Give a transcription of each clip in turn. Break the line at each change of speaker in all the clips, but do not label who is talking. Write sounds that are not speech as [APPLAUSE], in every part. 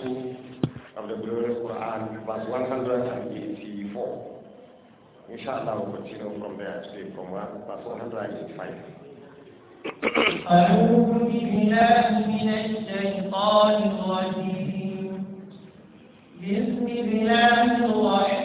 two of the glorious Quran, verse 184. Inshallah, we'll continue from there today, from verse 185. أعوذ بالله من الشيطان الرجيم
بسم الله الرحمن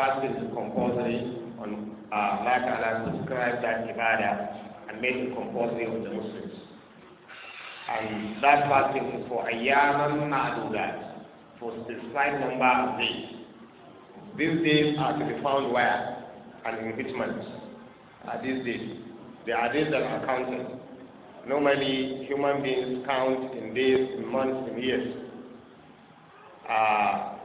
fasting is compulsory on uh, Allah Ta'ala that ibadah and made it compulsory on the Muslims. And that fasting is for ayyaman ma'adudat, for the specified number of days. These days are to be found where? And in which months? Are these days? They are days that are counted. Normally, human beings count in days, in months, in years. Uh,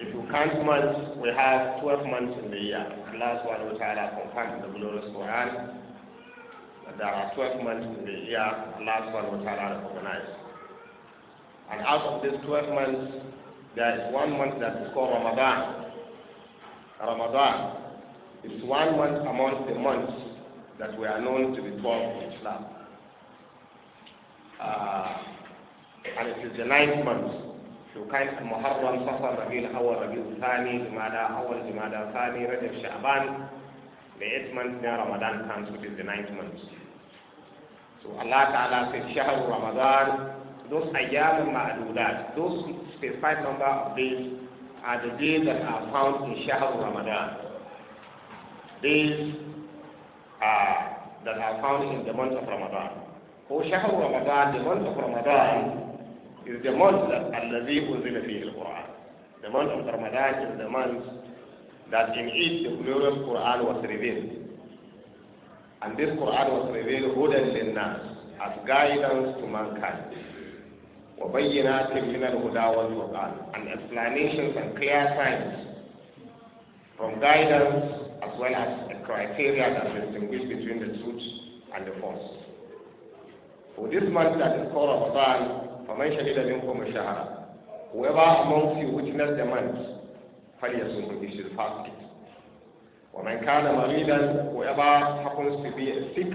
if you count months, we have 12 months in the year. The one we had ta'ala confirmed in the glorious Quran there are 12 months in the year The Allah subhanahu wa ta'ala recognized. And out of these 12 months, there is one month that is called Ramadan. Ramadan is one month among the months that we are known to be 12 in Islam. Uh, and it is the ninth month to kai su muharram safar rabiul awwal rabiul thani jumada awwal jumada thani rajab sha'ban the eighth month na ramadan comes which is the ninth month so allah ta'ala says shahru ramadan those ayyam ma'dudat those specified number of days are the days that are found in shahru ramadan days uh, that are found in the month of ramadan or shahru ramadan the month of ramadan is the month that al Unzila quran The month of Ramadan is the month that in it the glorious Quran was revealed. And this Quran was revealed hudan linnas as guidance to mankind. وبينات من الهدى والفرقان and explanations and clear signs from guidance as well as a criteria that distinguish between the truth and the false. For this month that is called Ramadan, faman shahida minkum shahara whoever amongst you witnessed the month falyasum he should fast it ومن كان مريضا whoever happens to be sick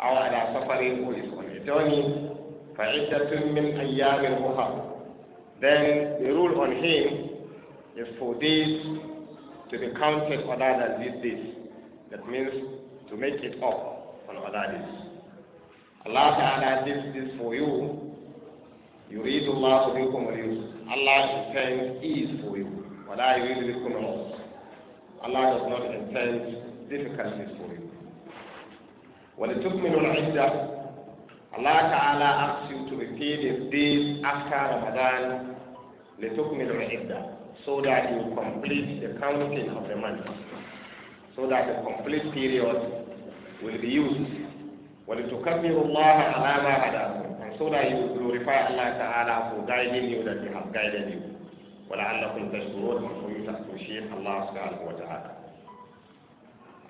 أو على سفر is on a journey فعدة من أيام أخرى then the rule on him is for days to be counted other than these days that means to make it up on other days Allah Ta'ala did this for you you read Allah bikum al Allah intends ease for you. Wala yuridu bikum al Allah does not intend difficulties for you.
وَلِتُكْمِلُوا الْعِدَّةِ
Allah Ta'ala asks you to repeat his deeds after Ramadan لِتُكْمِلُوا الْعِدَّةِ so that you complete the counting of the month so that the complete period will be used. وَلِتُكَبِّرُوا اللَّهَ عَلَى مَا هَدَاكُمْ so that you glorify Allah Ta'ala for to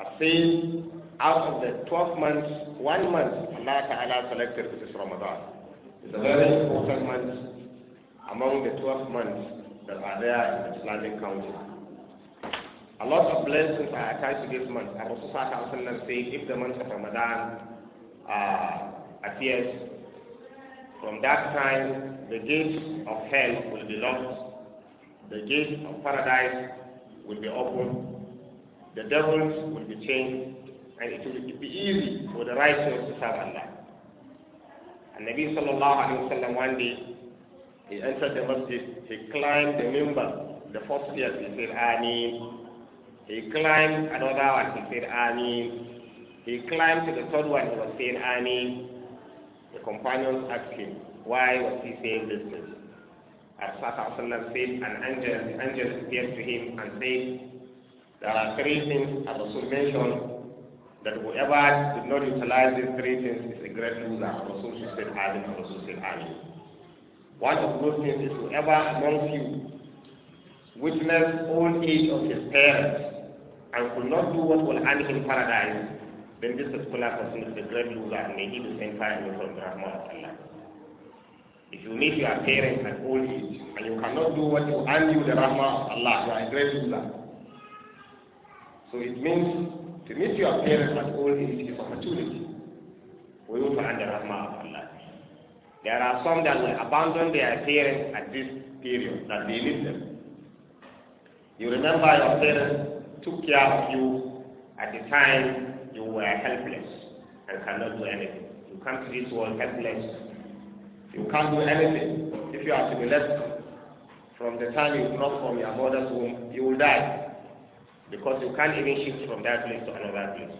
I out of the 12 months, one month Allah Ta'ala selected is Ramadan. It's a very important month among the 12 months that are there in the Islamic A lot of blessings are attached to this month. Sallallahu said, if the month of Ramadan uh, appears From that time, the gates of hell will be locked, the gates of paradise will be opened, the devils will be chained, and it will be easy for the righteous to serve Allah. And Nabi sallallahu alayhi wa one day, he entered the masjid, he climbed the member, the first year, he said, Ameen. He climbed another one, he said, Ameen. He climbed to the third one, he was saying, Ameen. The companions asked him, why was he saying this?" things? As Rasulullah said, an angel, angel appeared to him and said, there are three things as Rasul mentioned, that whoever did not utilize these three things is a great loser. Rasul said, Amen, and Rasul said, Amen. One of those things is whoever among you witnessed old age of his parents and could not do what will earn him paradise, then this particular person is the great loser and may he be sent fire the Rahman of Allah. If you meet your parents at old age and you cannot do what you earn you the Rahman of Allah, you are a great loser. So it means to meet your parents at old age is opportunity for you to earn the Rahman of Allah. There are some that will abandon their parents at this period that they leave them. You remember your parents took care of you at the time you were helpless and cannot do anything. You come to this world helpless. You can't do anything. If you are to be left from the time you come from your mother's womb, you will die. Because you can't even shift from that place to another place.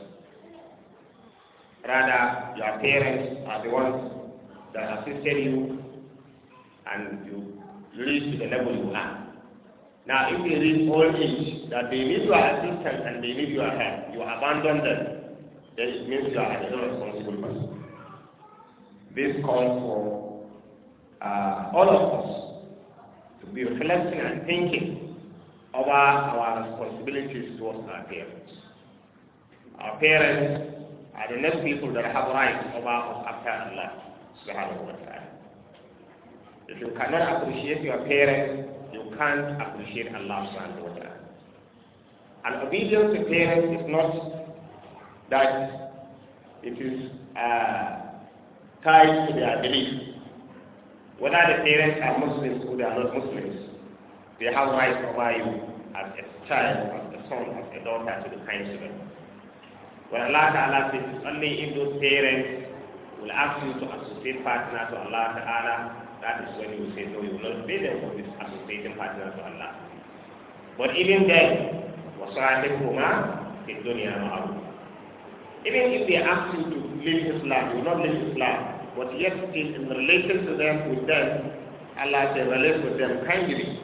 Rather, your parents are the ones that assisted you and you reach to the level you are. Now, if they reach old age, that they need your assistance and they need your help, you abandon them then it means you are a responsible person. This calls for uh, all of us to be reflecting and thinking over our responsibilities towards our parents. Our parents are the next people that have rights over us after Allah subhanahu wa ta'ala. If you cannot appreciate your parents, you can't appreciate Allah subhanahu wa ta'ala. And obedience to parents is not that it is uh, tied to their belief. Whether the parents are Muslims or they are not Muslims, they have rights over you as a child, as a son, as a daughter to the kind children. When Allah Ta'ala says, only if those parents will ask you to associate partner to Allah Ta'ala, that is when you say no, you will not be there for this associating partner to Allah. But even then, وصاحبهما في الدنيا معروف even if they ask him to leave his land, he will not leave his land. But yet in relation to them, with them, Allah says, relate with them kindly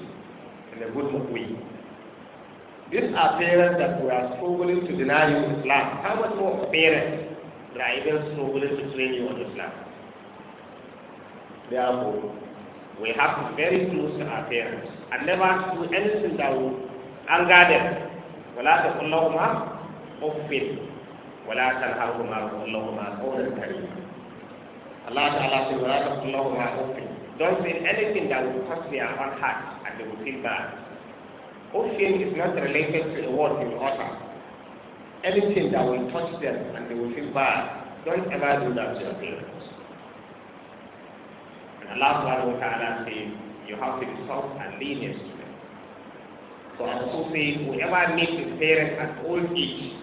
in a good way. These are parents that we are struggling to deny you Islam. How much more parents that are even struggling to train you on Islam? Therefore, we have to be very close to our parents and never do anything that will anger them. وَلَا تَقُلْ لَهُمَا أُفِّنْ ولا تنهرهما وقل قولا كريما Allah Ta'ala says, ولا تقل لهما do Don't say anything that will cause their hot heart and they will feel bad. Uffin is not related to the word you utter. Anything that will touch them and they will feel bad, don't ever do that to your parents. And Allah Subhanahu wa Ta'ala says, you have to be soft and lenient to them. So also say, whoever meets his parents at old age,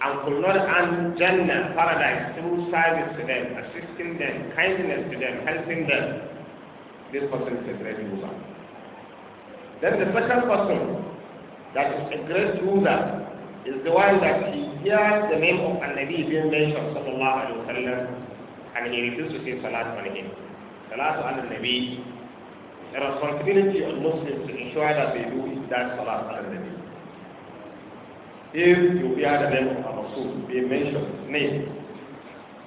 and could not enter Jannah, paradise, through service to them, assisting them, kindness to them, helping them, this person is a great loser. Then the second person that is a great loser is the one that he hears the name of Al-Nabi being mentioned, sallallahu alayhi wa sallam, and he refuses to say salat on him. Salat on al-Nabi, the responsibility of Muslims to ensure that they do that salat on the nabi if you hear the name of our Rasul being mentioned, name,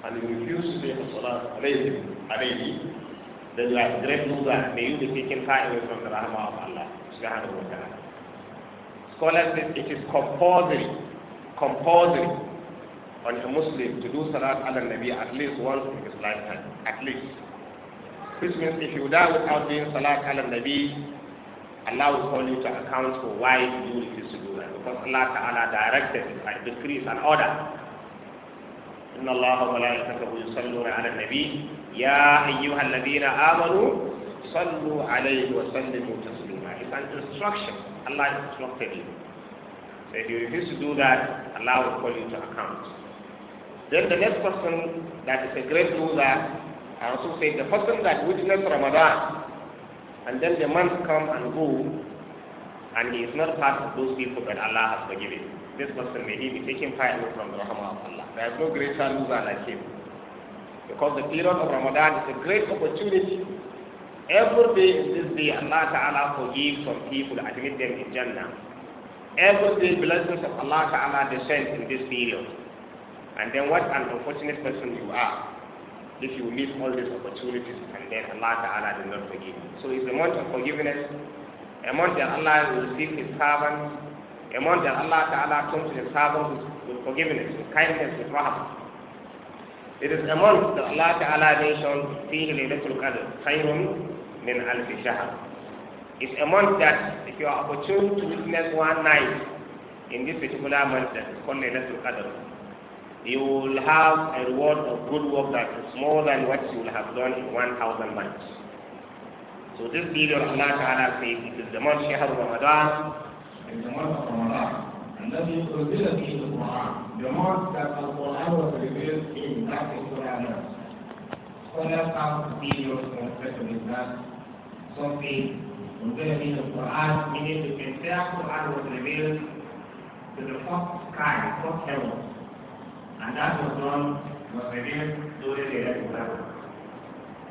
and you refuse to say Salat alayhi, alayhi, then you are grateful that may you be taken far away from the rahmah of Allah subhanahu wa ta'ala. Scholars say it is compulsory, compulsory on a Muslim to do Salat ala Nabi at least once in his lifetime, at least. Which means if you die without doing Salat ala Nabi, Allah will call you to account for why you refused to because Allah Ta'ala directed by decrees and order. إن الله وملائكته يصلون على النبي يا أيها الذين آمنوا صلوا عليه وسلموا تسليما. It's an instruction. Allah instructed you. So if you refuse to do that, Allah will call you to account. Then the next person that is a great ruler, I also say the person that witnessed Ramadan and then the month come and go, and he is not part of those people that Allah has forgiven. This person may he be taken fire from the rahmah of Allah. There is no greater loser like him. Because the period of Ramadan is a great opportunity. Every day in this day, Allah Ta'ala forgives some people, admit them in Jannah. Every day, blessings of Allah Ta'ala descend in this period. And then what an unfortunate person you are if you miss all these opportunities and then Allah Ta'ala does not forgive you. So it's the month of forgiveness a month that Allah will receive his servant, month that Allah Ta'ala comes to his servant with, with forgiveness, with kindness, with rahmah. It is a month that Allah Ta'ala mentioned, فِيهِ لَيْلَةُ الْقَدْرِ خَيْرٌ مِنْ أَلْفِ شَهْرٍ It's a month that if you are opportune to witness one night in this particular month that is called Laylatul Qadr, you will have a reward of good work that is more than what you will have done in 1,000 months. So this video of Allah Ta'ala says it is the month of Ramadan. And the month of Ramadan. And that is revealed in the Quran. The month that the Quran was revealed in that is Quran. Scholars have videos on special Islam. Something revealed in the Quran, meaning the entire Quran was revealed to the first sky, first heaven. And that was done, was revealed during the Laylatul Qadr.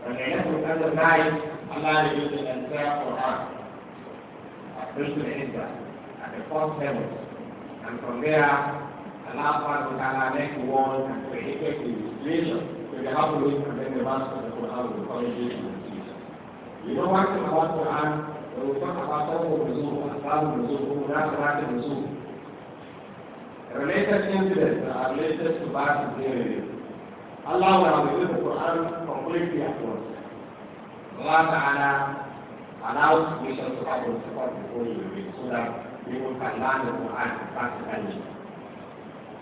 The Laylatul Qadr night Allah revealed the entire Quran at Bristol India at the fourth level. And from there, Allah subhanahu wa ta'ala made the world and created the religion with the help of it and then the rest of the Quran will follow Jesus and Jesus. You know what about we talk about Tawbah Nuzul, Aslam the related incidents that are related to Ba'ath and Allah will reveal the Quran completely at once. Allah Ta'ala allows missions to happen to support before you so that people can learn the Quran practically.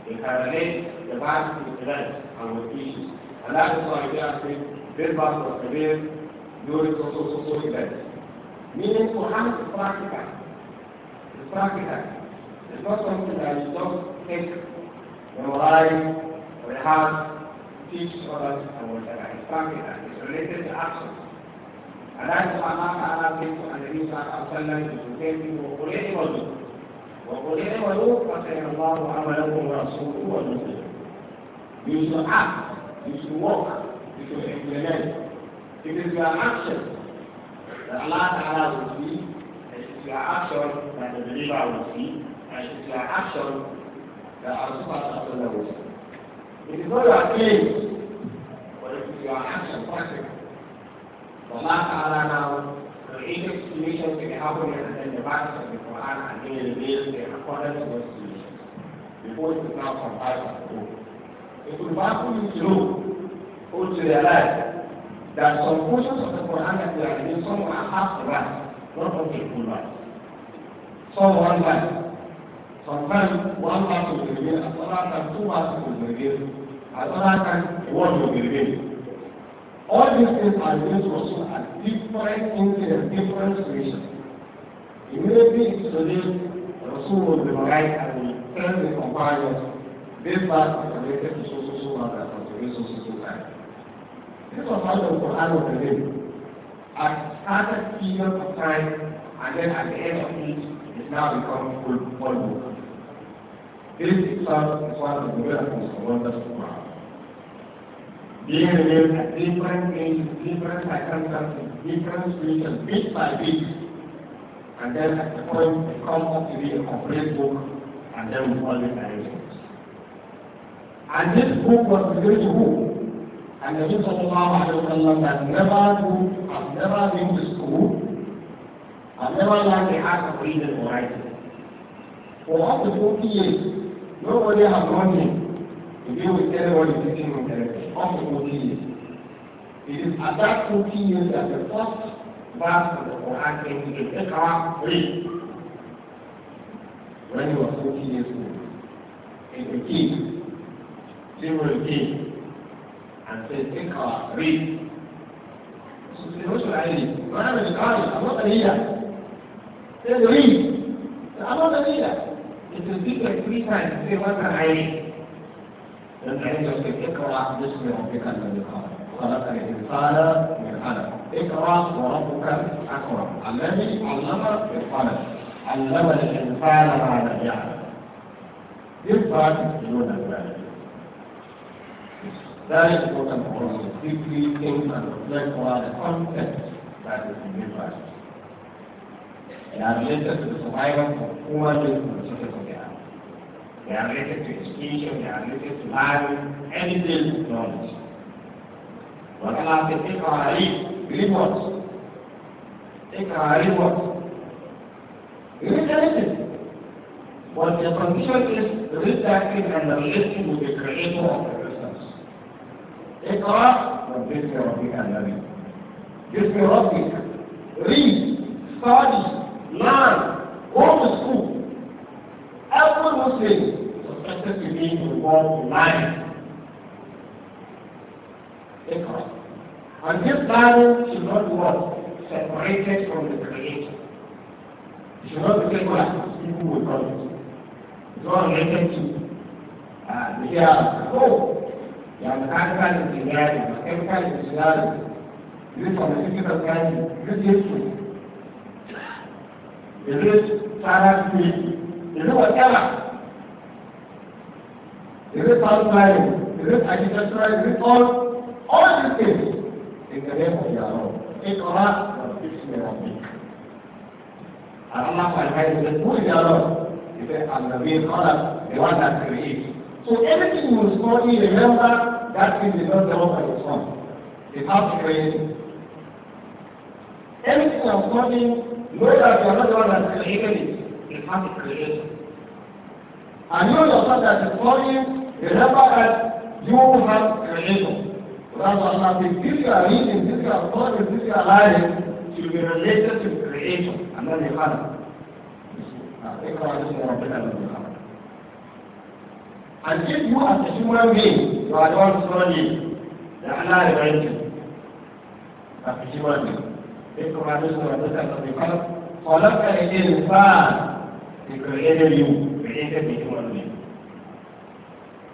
They can relate the to the rest and with issues. And that is why we are saying this verse was revealed during so social so events. Meaning Quran is practical.
It's practical.
It's not something that you just take, memorize, rehearse, teach others and whatever. It's practical. It's related to actions. على ما قال النبي صلى الله عليه وسلم في وقل اعملوا وقل اعملوا فسيرى الله عملكم ورسوله والمسلمين You should act, you should walk, you should implement. It is your action that Allah Ta'ala will see, it is your action that the believer will see, and it is your action that Allah Ta'ala will see. It is not your claims, but it is your action, practice. Allah Ta'ala now created solutions the heaven and the verses of the Quran and then revealed the accordance to those solutions. Before it is now compiled as a It will baffle you to know
or to realize that some portions of the Quran that we are
reading, some are half the verse, not of the full verse. Some one verse. Sometimes one verse will be revealed, as other times two verses will be revealed, as other times one will be revealed. All these things are used also at different in their different situations.
Immediately today, Rasul will be right and will tell the companions,
this verse is related to so so so and that was related so so so time. This was how the Quran the revealed. At certain period of time, and then at the end of it, it now becomes full, full book. This itself is one of the very important wonderful being lived at different ages, different circumstances, different situations, bit by bit. And then at the point they come up with a complete book and then with all the narrations. And this book was revealed to who? And the Nabi Sallallahu Alaihi Wasallam has never do, has never been to school, has never learned the art of reading or writing. For up to 40 years, nobody has known him to will with anyone in on the first 14 years. It is at that 14 years that the first verse of the Quran came to the Iqra When he was 14 years old, it became, and said,
Iqra, read. So he said, what should I read? I'm
not a Qari, I'm not a leader. He said, read. I'm not a leader. It will be like three times, say, what can I read? لن تعجبك اقرا باسم ربك الذي خلق خلق الانسان من علم اقرا وربك اكرم الذي علم بالقلم علم الانسان ما لم يعلم يفهم دون ذلك That is what I'm calling deeply think and reflect on the context that is in the Bible. And I'm related to the survival of human beings they are related to education, they are related to marriage, anything is knowledge. But Allah said, take our read, believe what? Take our read what? Read anything. But the condition is read that thing and the relation the creator of the business. Take our from this year of the enemy. This year of the read, study, learn, go to school. Every Muslim specifically involved in Because, And this planning should not be separated from the Creator. It should not be taken as people will call it. It's not related to uh, the yeah, oh, the yeah, mechanical engineering, chemical engineering, this pharmaceutical science, this history. It is science, it is whatever. Is farmland? Is it agricultural? all? All these things in the name of Yahweh. Take on us for Allah Almighty said, Yahweh? He said, I'm the real the one that creates. So everything you store in, remember, that thing is not developed by its own. It has to create. Everything I'm studying, know that you are not the one that created it. It has to هنقول صدى الثاني رفعت يوحد العلم رضا الله في تلك عين تلك في تلك عالم في الريليشن في العلم الذي خلق اقرأ اسم ربنا الذي خلق الجد ان تشمل مين وعنوان سورة لأحلال العلم تشمل مين اقرأ اسم ربنا الذي خلق خلق الإنسان في كريم اليوم created the human being.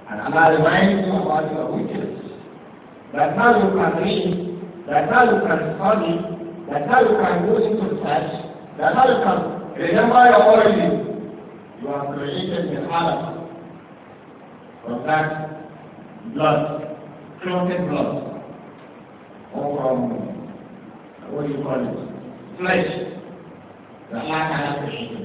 And Allah reminds you about your witness. That how you can read, that how you can study, that how you can go into church, that how you can remember your origin. You are created in Allah from that blood, clotted blood, or from, what do you call it, flesh, that Allah has created.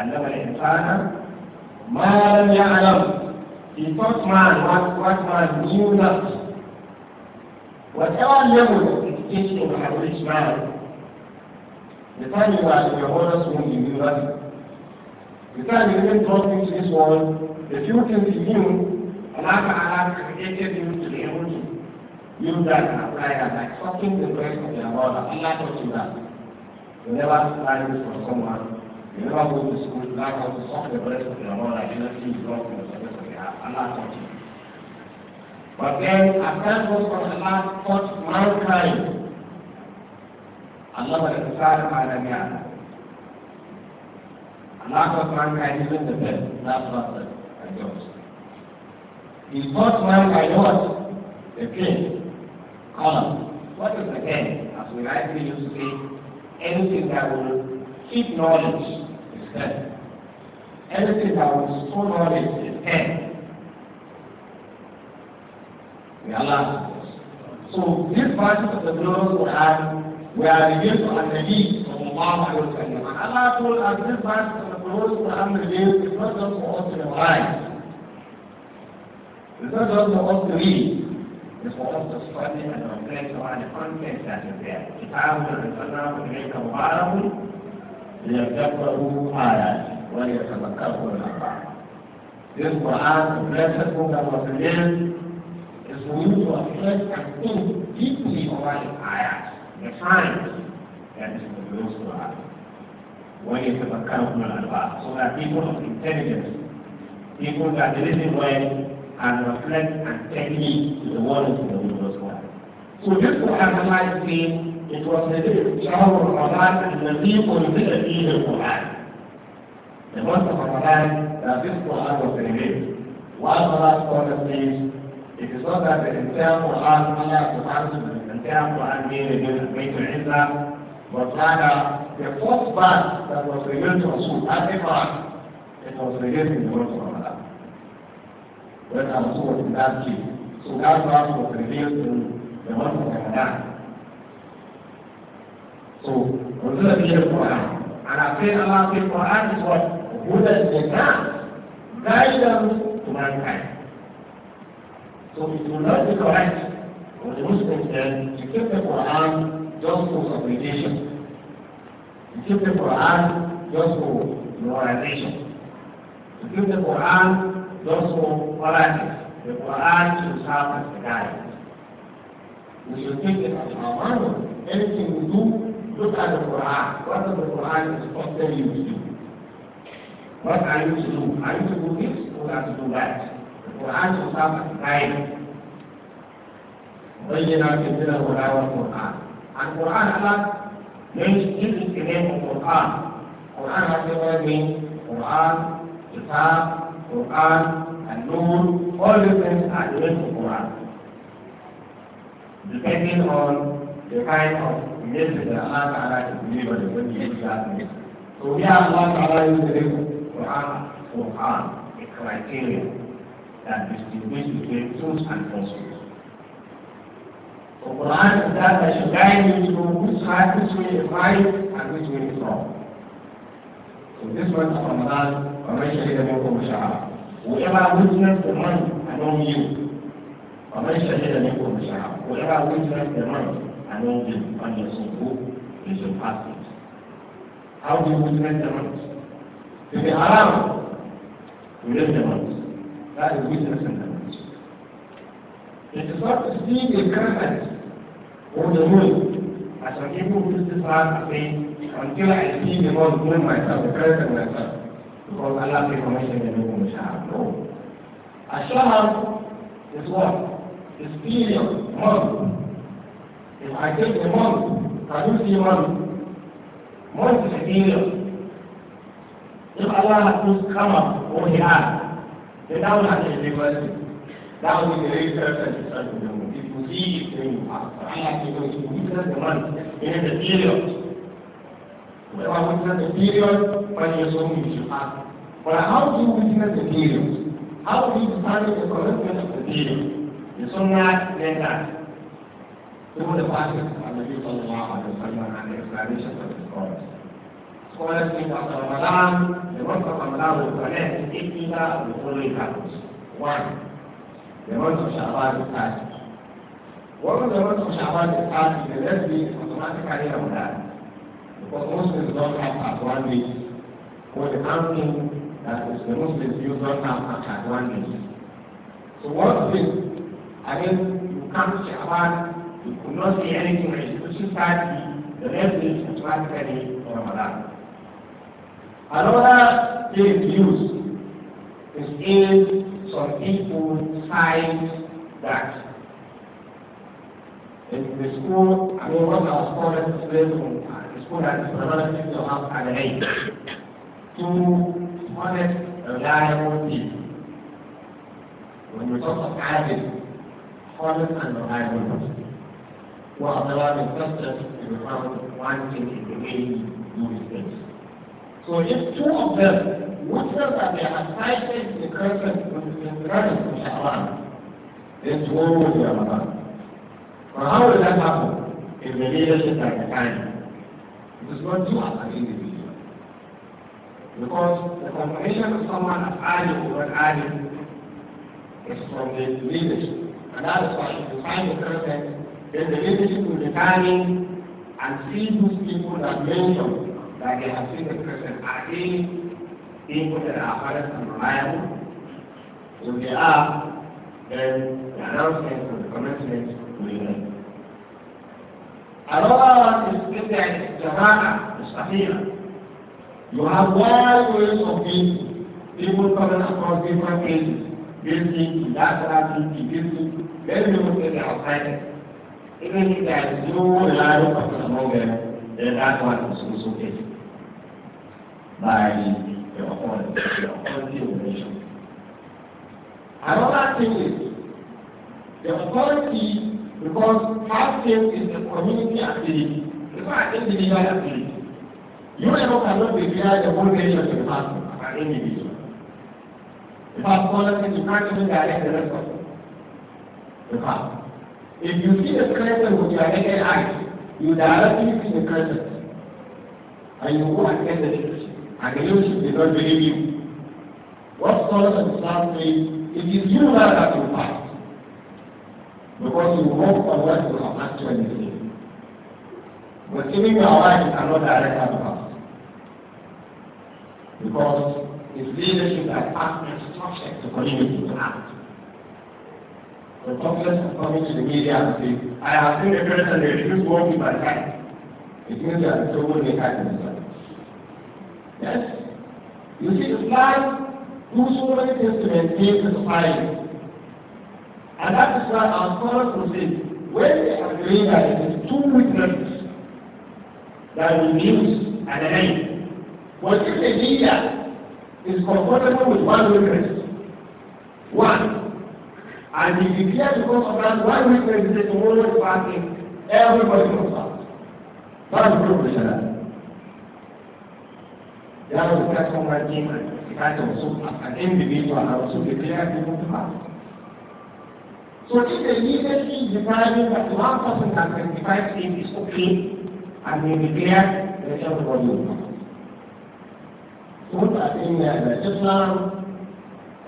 أنما الإنسان ما لم يعلم he thought man what, what man knew not. Whatever level of education had reached man, the time you were in your mother's womb, you knew nothing. The time you even brought into this world, the few things you knew, Allah Ta'ala created you to be able to use that and apply that, like sucking the breast of your mother. Allah taught you that. You never apply this for someone never go to school, you now go to something, but that's what you're not like, you're not seeing God Allah taught But then, as time goes on, Allah taught mankind. Allah was the Sahib Adamiyah. Allah taught mankind isn't the best. That's what the God. He taught mankind what? The king. Column. What is the king? As we rightly used to say, anything that will Keep knowledge is there. Everything that was so knowledge is there. We allow So this verses of the glorious Quran are revealed to Al-Nabi sallallahu alayhi wa sallam. And Allah told us this verses of the glorious Quran revealed is not just for us to memorize. It's not just for us to read. It's for us to study and reflect on the content that is there. كتاب الرسول إليك مبارك ليتفقهوا آياتي وليتفقهوا الأربعة. This Quran, blessed book that was revealed, is for you to reflect and think deeply over the ayat, the signs that is in the Quran. وليتفقهوا الأربعة. So that people of intelligence, people that listen well, and reflect and take heed to the warnings in the Lord's So this Quran, Allah is saying, It was the شهر رمضان الذي أنزل فيه القرآن. The month of Ramadan that this Quran was revealed. One of us scholars says, it is not that the entire Quran, Allah subhanahu the entire Quran being revealed at Bayt al-Izzah, but rather the fourth verse that was revealed to Rasul, at Iqra, it was revealed in the month of Ramadan. When Rasul was in that key. So that part was revealed to the month of Ramadan. So, Rasulullah is the Quran. And I pray Allah the Quran is what? Buddha is the Quran. Guidance to mankind. So it will not be correct for the Muslims then you keep the Quran just for supplication. you keep the Quran just for moralization. you keep the Quran just for politics. The Quran should serve as a guide. We should take it as our manual. Anything we do Look at the Quran. What does the Quran is telling you to do? What are you to do? Are you to do this or are you to do that? The Quran should have a guide. بينا كثيرا ولا والقرآن. القرآن هذا ليس جزء من القرآن. القرآن هذا من القرآن كتاب القرآن النور all these things are linked to Quran. Depending on the kind of يجب الله تعالى تسليما لولي إسلامه فهنا Quran Quran a criteria that distinguishes between truth and falsehood. So Quran is that that should guide you to which side which way is right and which way is wrong. So this month of Ramadan, ومن شهد منكم شهر whoever witnessed the month among you ومن شهد منكم شهر whoever witnessed the month how do we witness the month? To That is business the month. It is not to see the crescent or the moon. As an people put this part and say, until I see the moon, moon myself, the crescent myself. Because Allah says, commission the moon, Shahab. No. Ashahab is what? Is period, month. I take a month, I do see a month. Month is a period. If Allah has to come up or he has, then that will have a liberty. That will be the real purpose of the moment. If you see it, then you have to. I have to go to witness the month. It is a period.
Whenever I witness the period,
when you're so you should ask. But how do you witness the period? How do you determine the commitment of the period? The Sunnah, then that. All the verses of the Sallallahu Alaihi Wasallam and the explanation of the scholars. Scholars think after Ramadan, the month of Ramadan will connect eight Ida with following happens. One, the month of Shawwal automatically Because Muslims don't have at one the counting that is the Muslims don't have at one day. So once I mean, you come to Shawwal, you could not say anything related to society. The rest is practically for Ramadan. Another thing used is if some people cite that in the school, I mean, what of our scholars is living uh, the school that is relative to have an age. Two honest, reliable people. When we talk of adding, honest and reliable people. Well, there are the substance and found one thing So if two of them, what else are they aside the curtain contemporary Sha'ban? Then two will be Ramadan. But how will that happen? In the leadership at the time. It is not you as an individual. Because the confirmation of someone as Ali or an Ali is from the leadership. And that is why you find the curtain then the relationship will be coming and see those people that mention that they have seen the person. Are they people that are honest and reliable? If they are, then the announcement and the commencement will be made. Allah is bid'ah is the mustahila. You have wide ways of people. People coming across different ages. This thing, that, that thing, this thing. Many people say they are sighted even if there is no reliable person among them, then that one is also paid by the authority, the authority of the nation. Another thing is the authority, because half faith is the community activity, it's not an individual activity. You alone cannot behind the whole nation the person as an individual. Because honestly, you can't even direct the rest of the person. If you see the crescent with your naked eye, you directly see the crescent. And you go and get the leadership. And the leadership they don't believe you. What Solomon and Islam say, it is you now that you fight. Because you hope on what you have actually seen. But giving your eyes cannot direct our past. Because it's leadership that acts instruction to community to act. The process of coming to the media and say, I have seen a person that refused working by time. It means that the will make time themselves. Yes? You see, the
Islam
do so many things to maintain the society. And that is why our
scholars will say,
when they are doing that it is two witnesses that will use and an end, but if the media is comfortable with one witness, one, and if you clear the course of that, why we can say tomorrow is fasting, everybody must fast. That's the professional. There was a person that came and the person was so as an individual and also declared people to fast. So if the leadership deciding that one person can sacrifice it is okay, and they declare that everybody will fast. So what I think that uh,
Islam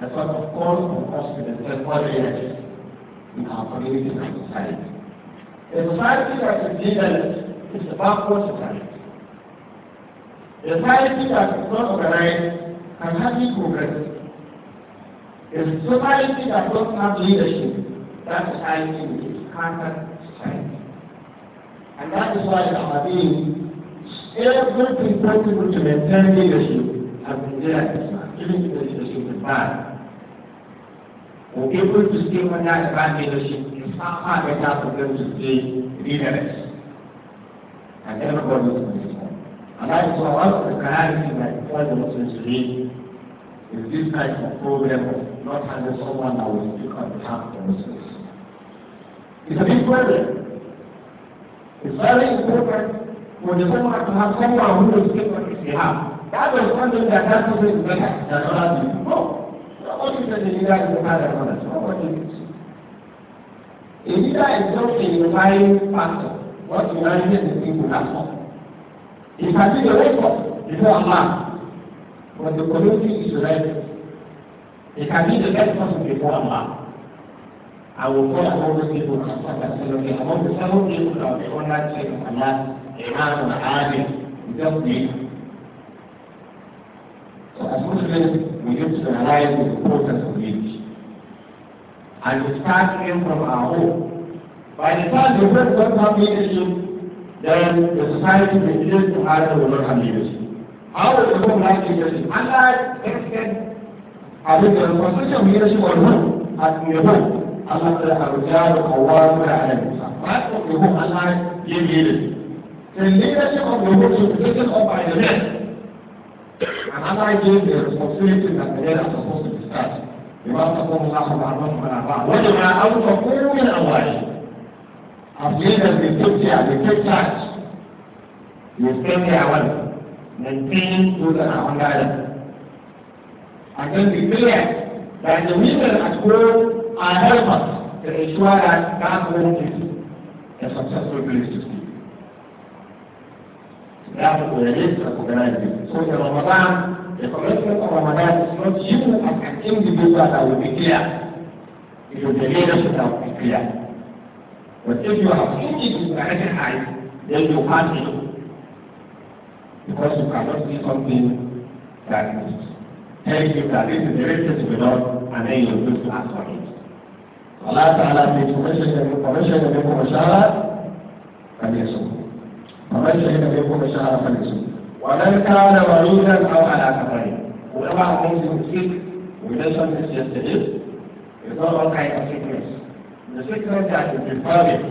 that's what of course refers to the temporal in our community and society. A society that is legalist is a backward society. A society that is not organized can hardly progress. A society that does not have leadership, that society is a scattered society. And that is why in our being,
everything
possible to maintain leadership has been there, even if the leadership is bad. were able to stay on that brand leadership is far harder for them to stay leaders. And everybody was concerned. And that is why one of the priorities that all the Muslims today is this type of problem of not having someone that will speak on behalf of the Muslims. It's a big problem. It's very important for the someone to have someone who will speak on his behalf. That was something that that person is better than other people lillahi subhanahu wa ta'ala. Elijah is not a lying person. What Elijah is doing with us. If I see the record, you know Allah. But the community is right. It can be the best person before Allah. I will call among the people to start that ceremony. Among the seven people of the online chain of Allah, Iman and Adi, just me. So as Muslims, we need to realize the importance of it. And we start in from our home. By the time the 1st does not have leadership, then the society will begin to have the world and leadership. How will the world like leadership? Unlike extent, I mean, the constitution of leadership or not, as we know, Allah said, to rujal Qawwam, Ra'alim. That's what we hope Allah gave The leadership of the world should be taken up by the and as I gave the responsibility that they men are supposed to discuss, the man supposed to laugh about one when you are out of women and wife,
as leaders they take care, they take charge. You stay there well,
maintain those And then be clear that the women at home are helpers to ensure that that home is a successful place to stay. That is So the Ramadan, the commitment of Ramadan is not you as an individual that will be clear. It is the leadership that will be But if you have only to recognize, then you have it. Because you cannot do something that tells you that this is and then you it. Allah Ta'ala says, and and yes, ومن شهد منكم الشهر فليصم ومن كان مريضا او على سفر ولما كنت sick we mentioned this yesterday is not all kind of sickness the sickness that is referring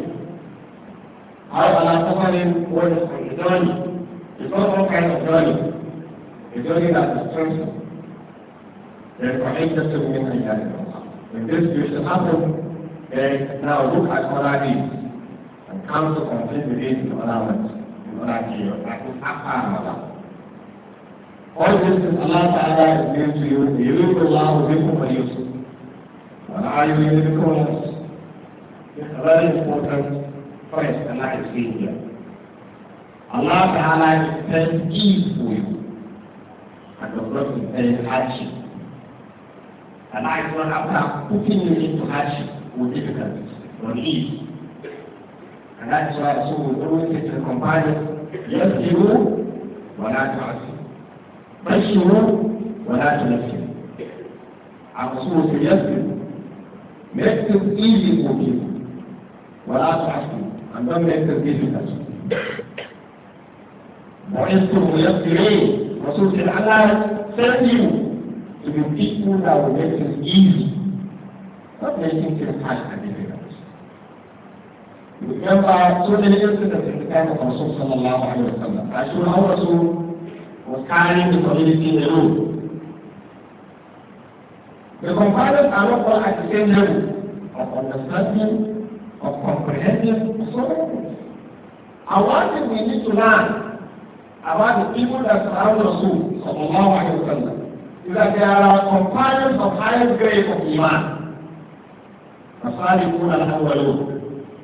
how Allah suffering was a journey it's not all kind of journey a journey that is stressful then connected to me when this situation happens then now look at what I need and come to complete the need in allowance all this is Allah Ta'ala is given to you. You live with Allah, you live with Yusuf. are you in the corners? It's a very important phrase Allah is here. Allah Ta'ala is saying ease for you. And the Prophet is saying hardship. Allah is not after putting you into hardship or difficulties or ease. That's why so we always say to the companions, يَسْرِوا وَلَا تُعْسِرُوا بَشِّرُوا وَلَا تُنَسِرُوا I'm supposed to يَسْرِوا Make things easy for people. وَلَا تُعْسِرُوا And don't make them difficult. وَإِسْتُمْ يَسْرِين Rasul said, Allah sent you to be people that will make things easy, not making things hard Remember, so many incidents in the time of Rasul sallallahu alayhi wa sallam. Rasul how Rasul was carrying the community alone. The compilers are not all at the same level of understanding, of comprehension, so many things. And one thing we need to learn about the people that surround Rasul sallallahu alayhi wa sallam is that they are compilers of highest grade of Iman. فصالحون الأولون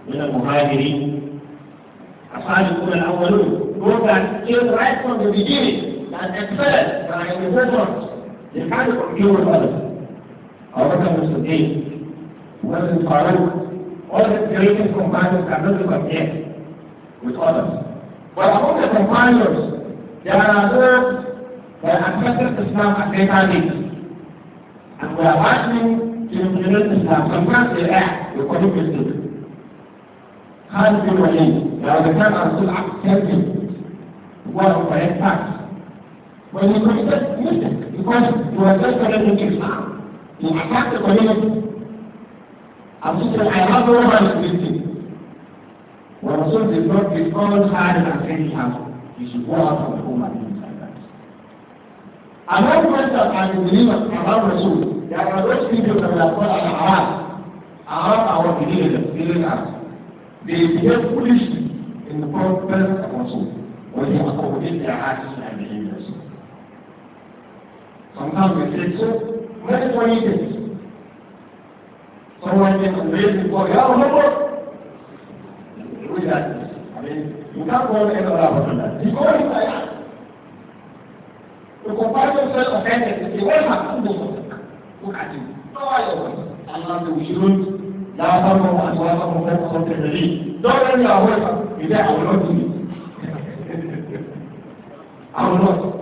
من المهاجرين الصادقون الأولون who can kill right from the beginning and excel by the veterans they kind of procure others أو all the greatest companions cannot be compared with others but among the companions there are those that accepted Islam at greater needs and we are asking to implement Islam sometimes they act according to هذه الوحيد لأن كان السلعة كذب وإنفاق وإن كنت مثل يكون يوزعك لك الإسلام الأحكام القليلة أصيب الحيوان هو المسلم ورسول الله بيقول خارج عن خير الحق يشبوها فالحكومة أمام مثل عن المسلمين أمام رسول يعني الوجه يجب أن يقول على أعراض أعراض أو كبيرة كبيرة they behave foolishly in the purpose of when they accommodate their actions and behaviors. Sometimes we say, so, where is one eating? Someone can raise the boy, oh, yeah, remember? Do that. I mean, you can't go any other than that. The goal To like The companion said, offended, he said, what happened to Look at him. How are you? Allah, we shouldn't لا تروا أسواقهم فيما صوت الحديد دور أن يأويها إذا أولوك
أولوك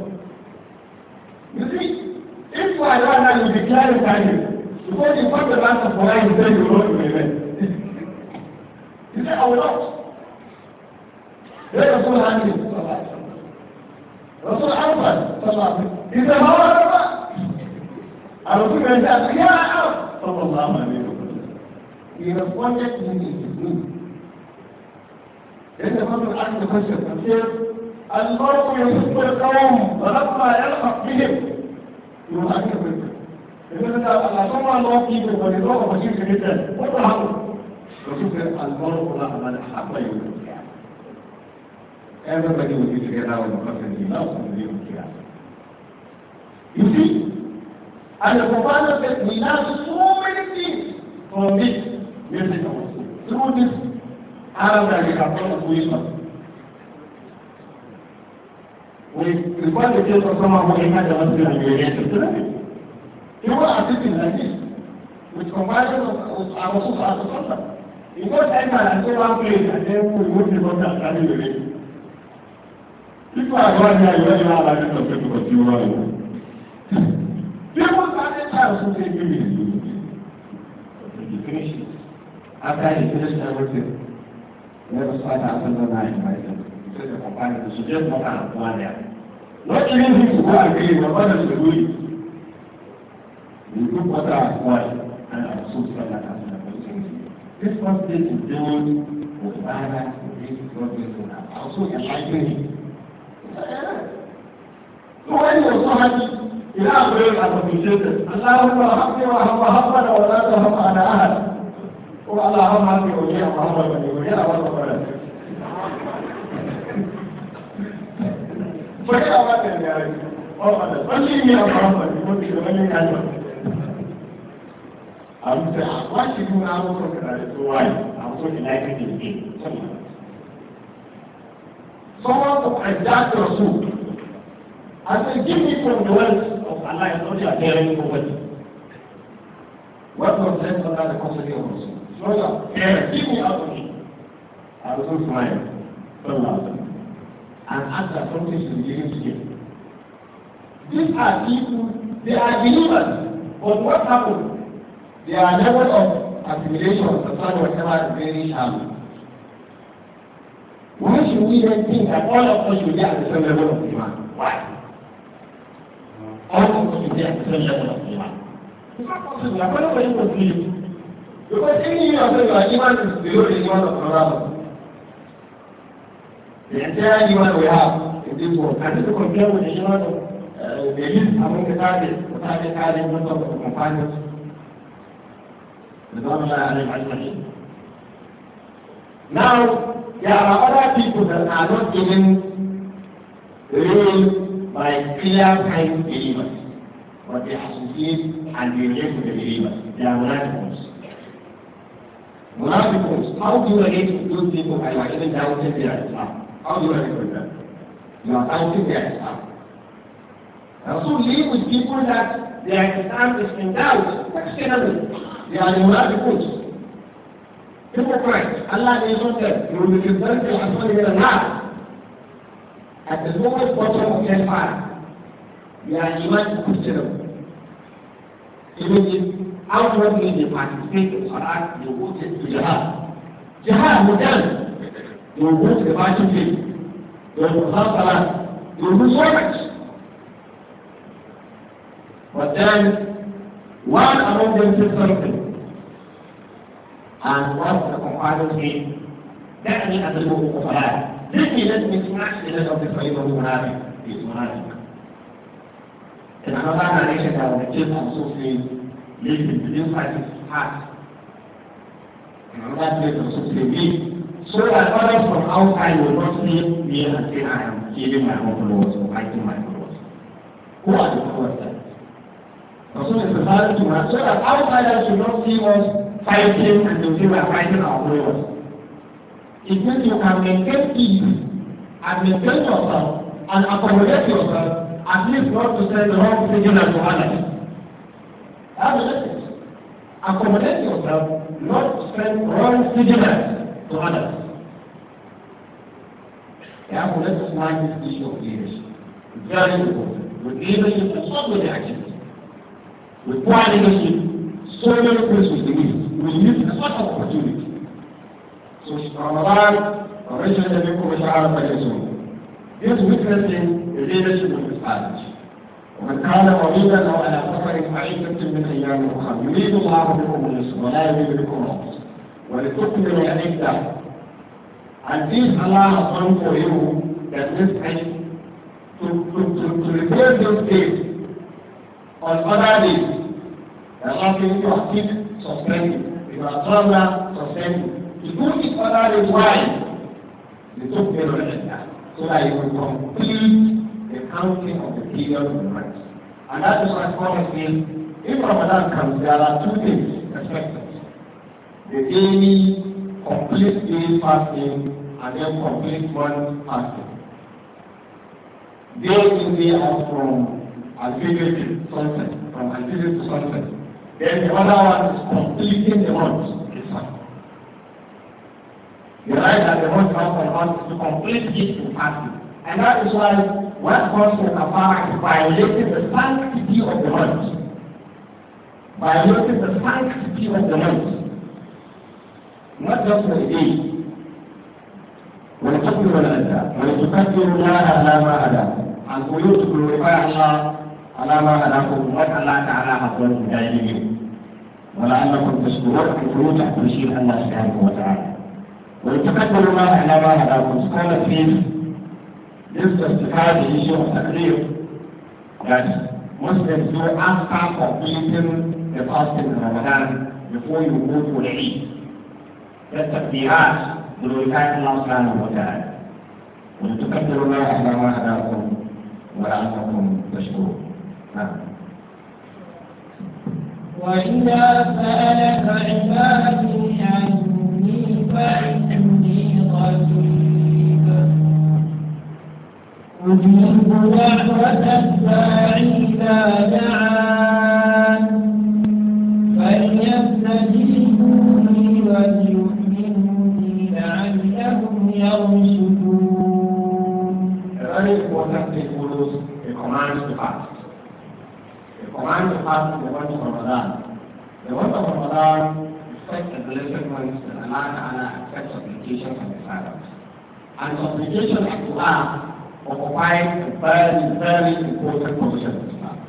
يزيد إذ وعلانا
لبكار الثاني يقول يفضل بأس الفرائي إذا أولوك ميبان إذا أولوك
يا رسول عني
رسول أفضل صلى الله عليه إذا ما رأى
الرسول عندها يا عرب صلى
الله عليه He responded to me in his need.
Then the Prophet asked the question and said,
المرء يحب القوم فلما يلحق بهم يهاجر منهم. فإذا العصمة الله فيه ولله بشير جدا said, وشوف المرء لا من حب يوم القيامة. Everybody will be together when the Prophet is now the day of You see, and the Prophet
said, we have so many things from this using
us. Through this Arab that we have come to wisdom. We require the case of someone who had the hospital and we against him. People are sitting like this, with compassion of our social as a concept. You go enter and say one place and then we would be not understanding the race. People are going here, you don't have a of people because you are
[LAUGHS] People are
going house who say, give me the You finish it. after he finished everything, never start after the night by him. He said the companion, so just walk out one there. Not even him to go and pay, but others to do it. You put water at one and I so sell that as an opportunity. This first thing to doing was rather to make progress in our also enlighten him.
So when he was so happy,
he now prayed and appreciated. Allahumma haqqi wa haqqa haqqana wa la tahaqqa ala ahad.
kuma Allah ba ma ke waje a Muhammad bane waje a wata fara
Bari a wata da yare, wadda tsalli ne a Muhammad ko
ke da wani kalma.
A mutu a kwashi nuna abokan kada da tsowaye a mutu da lafi da ke Someone of exact Rasul and then give me from the wealth of Allah and not your daring poverty. What was said under the custody of Rasul? Brother, eh, give me out of here. I was so smiled. So loud. And asked her something she didn't hear.
These are people, they are believers.
But what happened? They are level of assimilation society whatever is very shallow. Why should we then think that all of us should be at the same level of demand? Why? All of us should be at the same level of demand.
It's not possible. I are going to be
Because any of them are even below the iman of another. The entire iman we have in this world. And if you compare with the iman of uh, the youth among the targets, the target carrying most of the companions, نظام الله عليه أجمعين. Now, there are other people that are not even ruled by clear kind believers, but they associate and they relate with the believers. They are monogamous. Munafiqun, how do you relate to those people and you are even doubting their Islam? How do you relate with them? You are doubting their Islam. And so live with people that their Islam is in doubt. Question them. They are the Munafiqun. Hypocrites. Allah is not them. You will be converted to Hassan ibn Allah. At the lowest bottom of their fire, are Iman is Even if outwardly they participate in Quran, they go to jihad. Jihad will done. They will go to the battlefield. They will have Salah. They will do so much. But then, one among them said something. And one of the companions said, دعني أدعوه القرآن. Let me let me smash the head of the slave of Muhammad. He's Muhammad. In another narration, I will tell also saying, Maybe the new party is hard. Another place also say me. So that others from outside will not see me and say I am killing my own followers or fighting my followers. Who are the followers that? Rasul is referring to us so that outsiders will not see us fighting and they feel we are fighting our followers. It means you can maintain peace and maintain yourself and accommodate yourself at least not to send the wrong signal to others. Have a Accommodate yourself, not spend wrong vigilance to others. Therefore, let us mind this issue of leadership. very important. With leadership, it's not with actions. With poor leadership, so many things we need. We need a lot of opportunity. So, Ramadan, originally, the people which are out of
This
witnessing the leadership of this passage. ومن كان مريضا او على سفر فعدة من ايام اخرى يريد الله بكم اليسر ولا يريد بكم العسر ولتكملوا العدة And this Allah has done for you that this day to, to, to, to repair those days on other days. Allah says you are sick, suspended. You are traveler, suspended. You do it other days why? You took care of So that you will complete counting of the period of Christ. And that is why scholars say, if Ramadan comes, there are two things expected. The daily, complete daily fasting, and then complete month fasting. Day in, day out from Alfijir to sunset, from Alfijir to sunset. Then the other one is completing the month.
The right that the month has
on is to complete it to fasting. And that is why when calls for kafara is violating the sanctity of the month. Violating the sanctity of the month. Not just for a day. ولتكبروا الأذى ولتكبروا الله على ما هداكم أن قلوب glorify الله على ما هداكم وأن الله تعالى حفظكم جاهلين ولعلكم تشكرون تقولوا تحت أن الله سبحانه وتعالى ولتكبروا الله على ما هداكم قال فيه instance to have the issue of agreeing that Muslims do after completing the fasting in Ramadan before you go to the Eid. That's a jihad glorifying Allah subhanahu wa ta'ala. ولتكبروا الله على ما هداكم ولعلكم تشكرون. وإذا سألك عبادي عني فإن
يجيب دعوة الداعي إذا دعان
فليستجيبوا لي وليؤمنوا بي لعلهم يرشدون. Very important thing follows a command to fast. A command to fast in the month of Ramadan. The month of Ramadan such a blessed one is that Allah Ta'ala accepts supplications of the servants. And supplication to us occupying a very, very important position in Islam.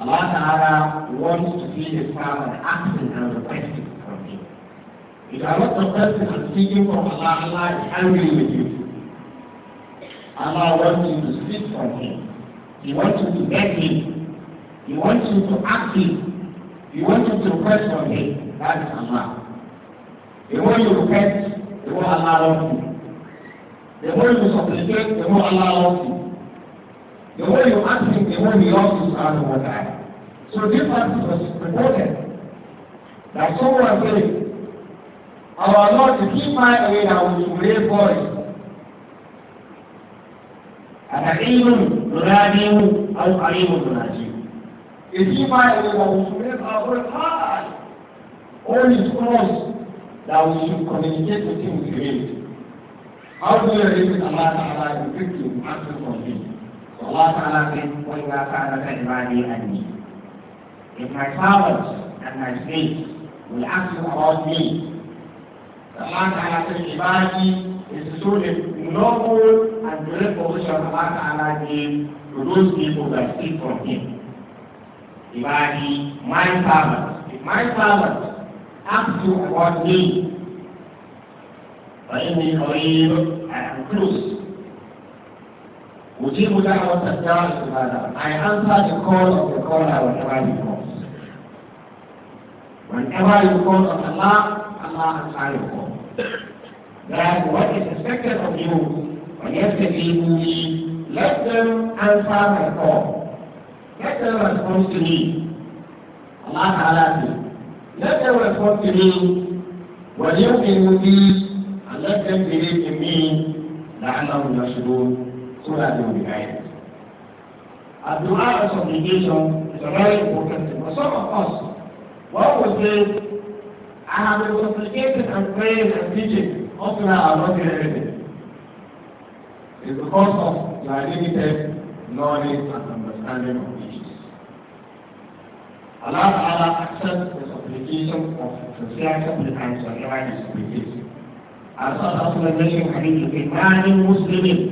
Allah Ta'ala wants to see Islam an asking and requesting from you. If you are not requesting and seeking from Allah, Allah is angry with you. Allah wants you to seek from Him. He wants you to beg Him. He wants you to ask Him. He wants you to request from Him. That is Allah. The one you request, the more Allah loves you. The way you supplicate, the more Allah loves you. The way you ask Him, the more He loves you subhanahu wa ta'ala. So this hadith was reported that someone said, Our Lord, to keep my way, I will pray for it. أتقيم تنادي أو قريب تنادي If he might we will make our heart all is cause that we should communicate with him with grace. How do you reason Allah Ta'ala to trick you answer from him? So Allah Ta'ala says, وَإِذَا سَأَلَكَ عِبَادِي If my powers and my slaves will ask you about me, Allah Ta'ala says, عِبَادِي is so that noble and great position Allah Ta'ala gave to those people that speak from him. Ibadi, my powers, If my powers, ask you about me, فإني قريب close. أجيب دعوة الداعي هذا. I answer the call of the caller whenever he calls. Whenever you call on Allah, Allah answers your call. That what is expected of you on yesterday, let them answer my call. Let them respond to me. Allah Ta'ala Let them respond to me. وَلْيُؤْمِنُوا بِي them believe in me, لَعَلَّهُمْ يَشْكُرُونَ So that they will be guided. A dua and supplication is a very important thing. For some of us, what was this? I have been supplicating and praying and teaching, up to now I'm not doing anything. It's because of your limited knowledge and understanding of Jesus. Allah Ta'ala accepts the supplication of the sincere supplicants whenever he supplicates. أرسل رسول النبي محمد في كان المسلمين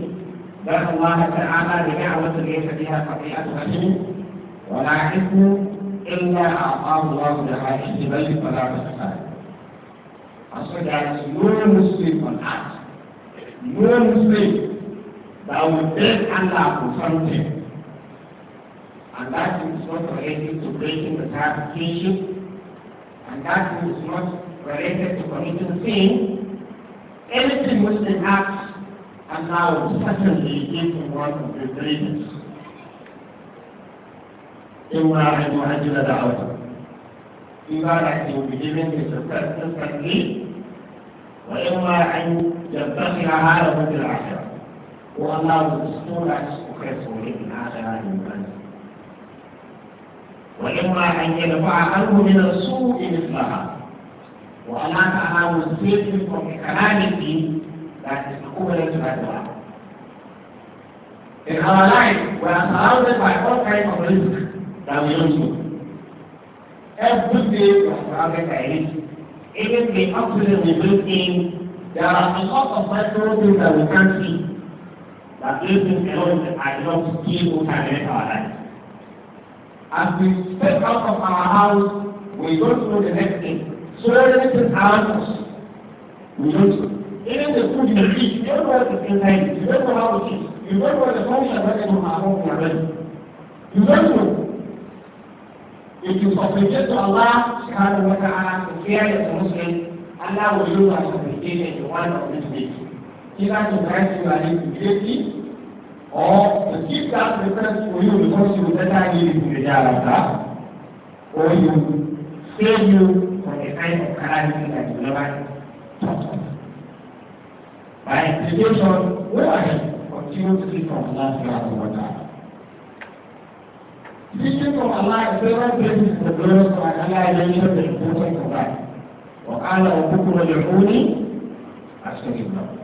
دعا الله تعالى لدعوة ليس بها فقيعة رجل ولا حكم إلا أعطاه الله لها اشتبال فلا تسأل أصدع يوم مسلم والعاد يوم مسلم دعوة بيت عن الله وصنته And that is not related Anything which the heart allows certainly into one of the greatest. إما أن يعجل دعوته إما أن يبدلن بالتسليم وإما أن يدخر هذا في الآخرة والله دستور أكرسه للآخرة للناس وإما أن يدفع عنه من السوء مثلها وألامها was taken from a calamity that is equivalent to that one. In our life, we are surrounded by all kinds of risks that we don't know. Every day we are surrounded by risk. Even the oxygen we breathe there are a lot of micro things that we can't see. That these things alone are enough to kill or terminate our life. As we step out of our house, we don't know the next thing. So that everything happens. We don't. Even the food you eat, you don't know to it's inside. You don't know how it is. You don't know what the function of it is already. You don't know. If you supplicate to Allah subhanahu wa ta'ala to fear as a Muslim, Allah will do as supplicated to one of these things. Either to grant you an immediately or to keep that request for you because you will better give it to the Jalata or you save you kind of analysis that is relevant By implication, where I continue to seek from Allah subhanahu wa ta'ala.
Seeking from Allah is several
places in the verse where Allah mentioned the importance of that. وقال ربكم ادعوني استجب لكم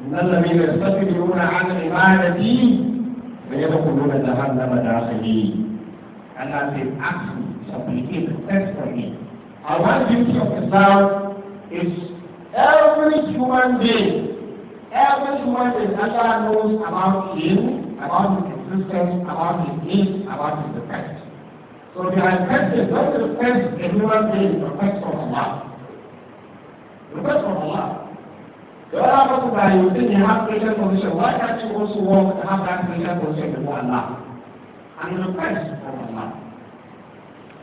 ان الذين يستكبرون عن عبادتي سيدخلون جهنم داخلين Allah says, ask me, supplicate, test for me. And one beauty of Islam is every human being, every human being Allah knows about him, about his existence, about his needs, about his effects. So the effect is not the effect a human being, the effect of Allah. The effect of Allah. The other person that you think you have greater position, why can't you also walk and have that greater position before Allah? And the effect from Allah.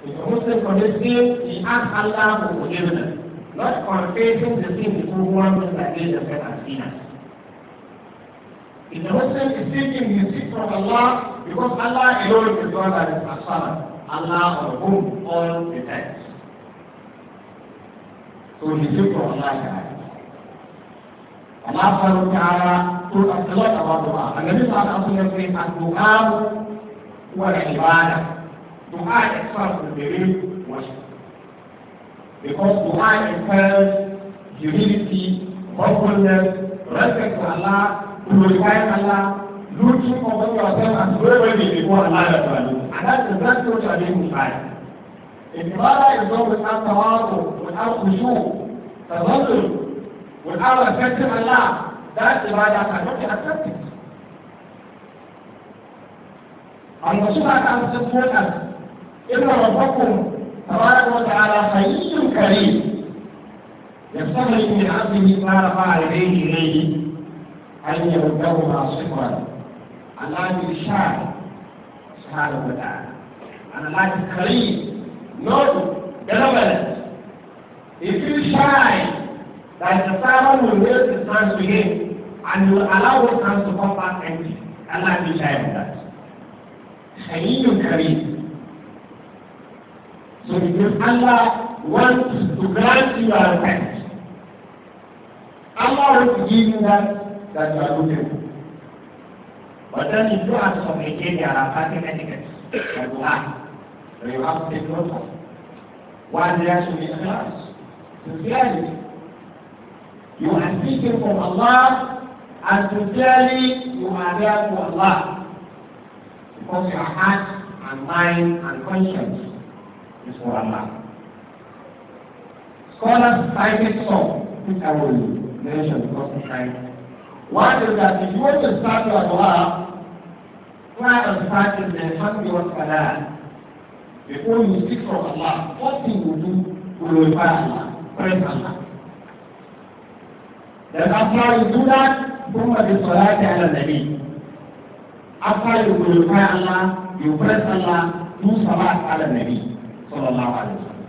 If a Muslim commits sin, he asks Allah for forgiveness, not confessing the sin before one who against himself as sinners. If a Muslim is seeking, he seeks from Allah because Allah alone is God that is Asana, Allah or whom all depends. So he seeks from Allah Ta'ala. Allah subhanahu wa ta'ala told us a lot about dua. And the Nabi sallallahu alayhi wa sallam said, Al-Du'a wa ibadah to Dua itself will derive worship. Because dua implies humility, humbleness, respect for Allah, glorifying Allah, looking over yourself as worthy before Allah Subhanahu And that's exactly what you are doing with life. Ibadah is not without tawadu, without khushu, tazallul, without accepting Allah. That ibadah cannot be accepted. And the Rasulullah can support us إن ربكم تبارك وتعالى حي
كريم
يستغرق من عبده ما رفع إليه إليه أن يردهما صفرا على الشاعر سبحانه وتعالى على الله كريم not benevolent if you shine that the servant will raise his hands to him and will allow his hands to come back empty Allah will shine that خليل كريم So if Allah wants to grant you a right. Allah will give you that that you are looking for. But then if you have some there and certain etiquettes that you have. So you have to take note of. One reaction is class. Sincerely. You are seeking from Allah and sincerely you are there for Allah. Because your heart and mind and conscience is for Allah. Scholars cited some, which I will mention because of time. One is that if you want to start your dua, try and start in the Hamdi wa Salah. Before you seek from Allah, what thing you do glorify Allah, praise Allah. Then after you do that, ثم بالصلاة على النبي. After you glorify Allah, you praise Allah, do salat على النبي. صلى الله عليه وسلم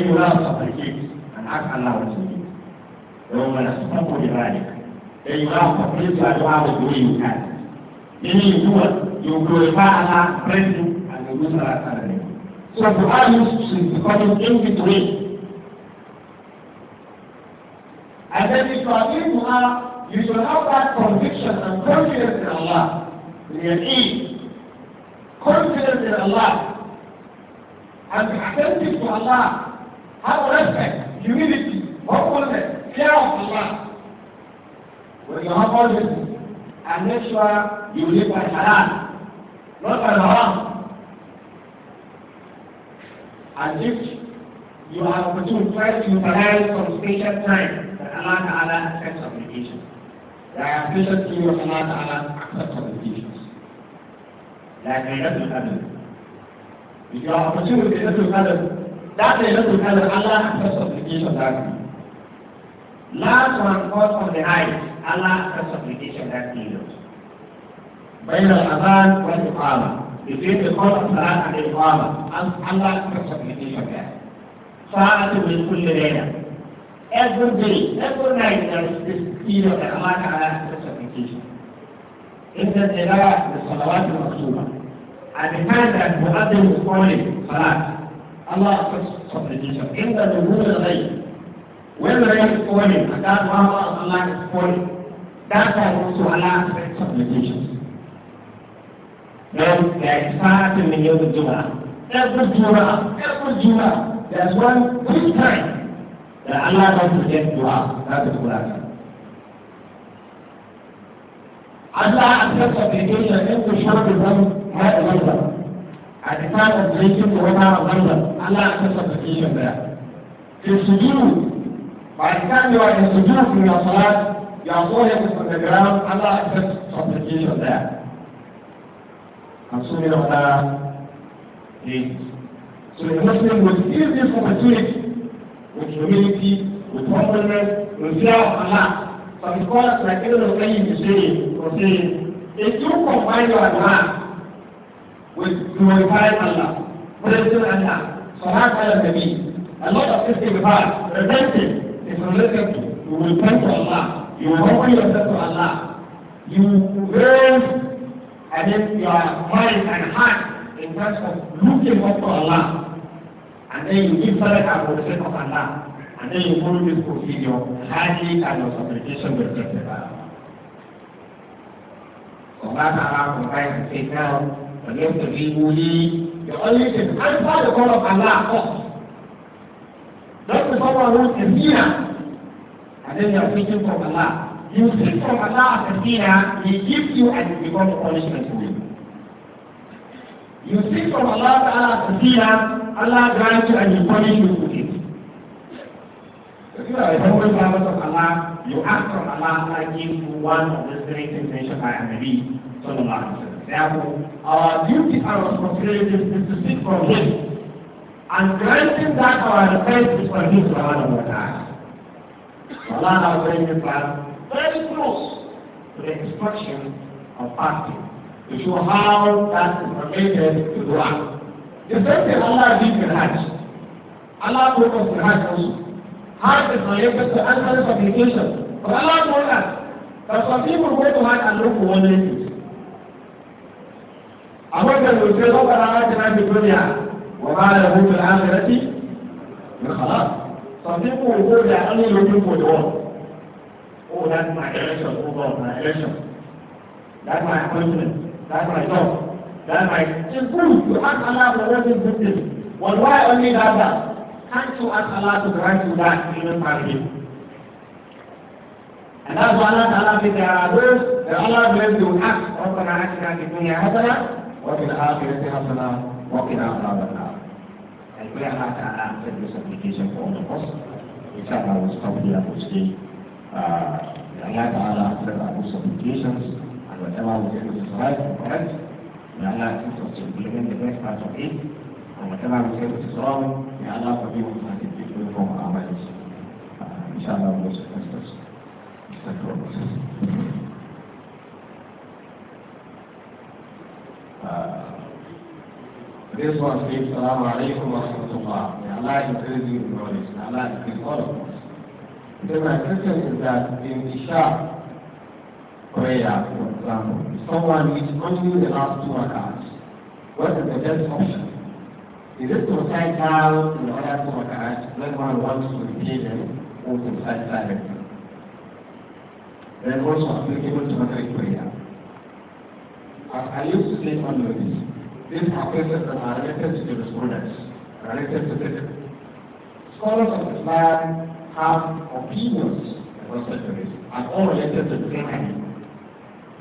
لن يناصف الكيس أن أسأل الله الجديد يوم نستحق لذلك لن يناصف ليس أجواب الدنيا كان من يقول يقول فعلا برزو أن يمسر أسأل لك سوف أعلم سنتقل إن بتوين And then if you are in Allah, you should have that conviction and confidence in Allah.
In your ease. Confidence
in Allah. and be attentive to Allah, have respect, humility, humbleness, care of Allah. When you have all this, and make sure you live by halal, not by haram. And if you have opportunity, try to utilize some special time that Allah Ta'ala accepts obligations. There are special you Allah Ta'ala accepts obligations. Like the Rabbul Qadr. ya mutum da ya tun kadar da ta yi na tun kadar Allah ta supplication da ka last one falls on the height Allah ta supplication da ka yi بين الأذان والإقامة between the call of salat and the Iqamah Allah ta supplication da ساعة من كل ليلة every day every night there is this period that Allah Ta'ala has supplication إذا الإله بالصلوات المقصومة هذا مقدم قولي صلاة الله صبر عند ظهور الغيب وين غير قولي أكاد وهو الله قولي ذاك سؤال supplication نعم كإحساس من يوم الجمعة every جمعة every جمعة there's one quick time that Allah doesn't get dua that is Quran Allah accepts supplication
every short of fada manzan a
da fada da yake kuma fara manzan Allah ya sassa da shi da ke sujudu ba da kamewa da sujudu kuma ya salat ya zo ya kusa da garam Allah ya sassa da shi da and so many of that is. So the Muslim will use this opportunity with humility, with humbleness, with fear of Allah. Some scholars like Ibn al-Qayyim is saying, or saying, if you combine your Allah with glorifying Allah, praising Allah, salat ala nabi. A lot of things istighfar, repenting is related to you will pray to Allah, you will humble yourself to Allah, you raise and then your mind and heart in terms of looking up to Allah, and then you give salat for the sake of Allah, and then you follow this procedure, highly and your supplication will justify. So that's how I would like to say now, فليستجيبوا لي يقول لي I'm part of all of Allah first. That's the power root is here. And then you are seeking from Allah. You seek from Allah as a sinner, He gives you and you become a punishment for you. You seek from Allah Ta'ala as a sinner, Allah grants you and He punishes you with it. If you are a humble servant of Allah, you ask from Allah, Allah gives you one of the great intentions by Nabi Sallallahu Alaihi Wasallam. Therefore, our duty and responsibility is to seek from Him and granting that our request is for Him subhanahu wa ta'ala. Allah has made the plan very close to the instruction of fasting to show how that is related to Quran. The same thing Allah did in Hajj. Allah told us in Hajj also. Hajj is related to answering supplication. But Allah told us that some people go to Hajj and look for one أولا يوسي رب العالمين في الدنيا وما له في الآخرة من خلاص صديقه يقول لي أنا يجب أن يكون هو لا تسمع كلاشر أوضاء ما كلاشر لا تسمع لا تسمع لا تسمع يقول يحق الله في الرجل والواء أني هذا كان شو أخلاق تدرس ولا تعلم تعرفين؟ أنا أقول أنا تعلم في تعرف الله بيرد وحق ربنا عشان في في في في في في في في الدنيا هذا وفي الآخرة حسنة وقنا عذاب النار akwai haka a kan this application for all of us in fact I will stop here for today uh, Allah Ta'ala accept our most applications and whatever we think is right or correct may Allah assist us to implement the best part of
it and
whatever we think is wrong may Allah forgive us and keep people from our minds Thank you. This one says, Salaam alaikum wa rahmatullah. May Allah increase you in knowledge. May Allah increase all of us. Then my question is that in Isha prayer, for example, someone is only the last two rakats, what is the best option? Is it to recite out in other two rakats, when one wants to repeat them, or to recite silently? Then also applicable to Maghrib prayer. I used to sleep on this. These practices are related to jurisprudence, related to the scholars of Islam have opinions about such things, and all related to the same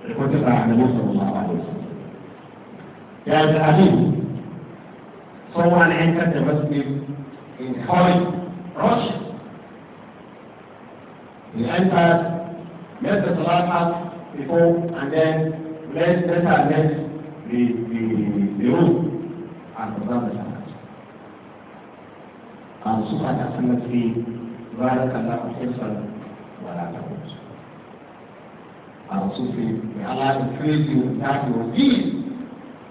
reported by the Muslim There is a hadith. Someone entered the masjid in hurry, rush. He entered, made the salat before, and then later left بروم عن نظام الحج عن سبحة حسنة في بارك الله حرصا ولا تموت عن صوفي على الفريد والنعم والدين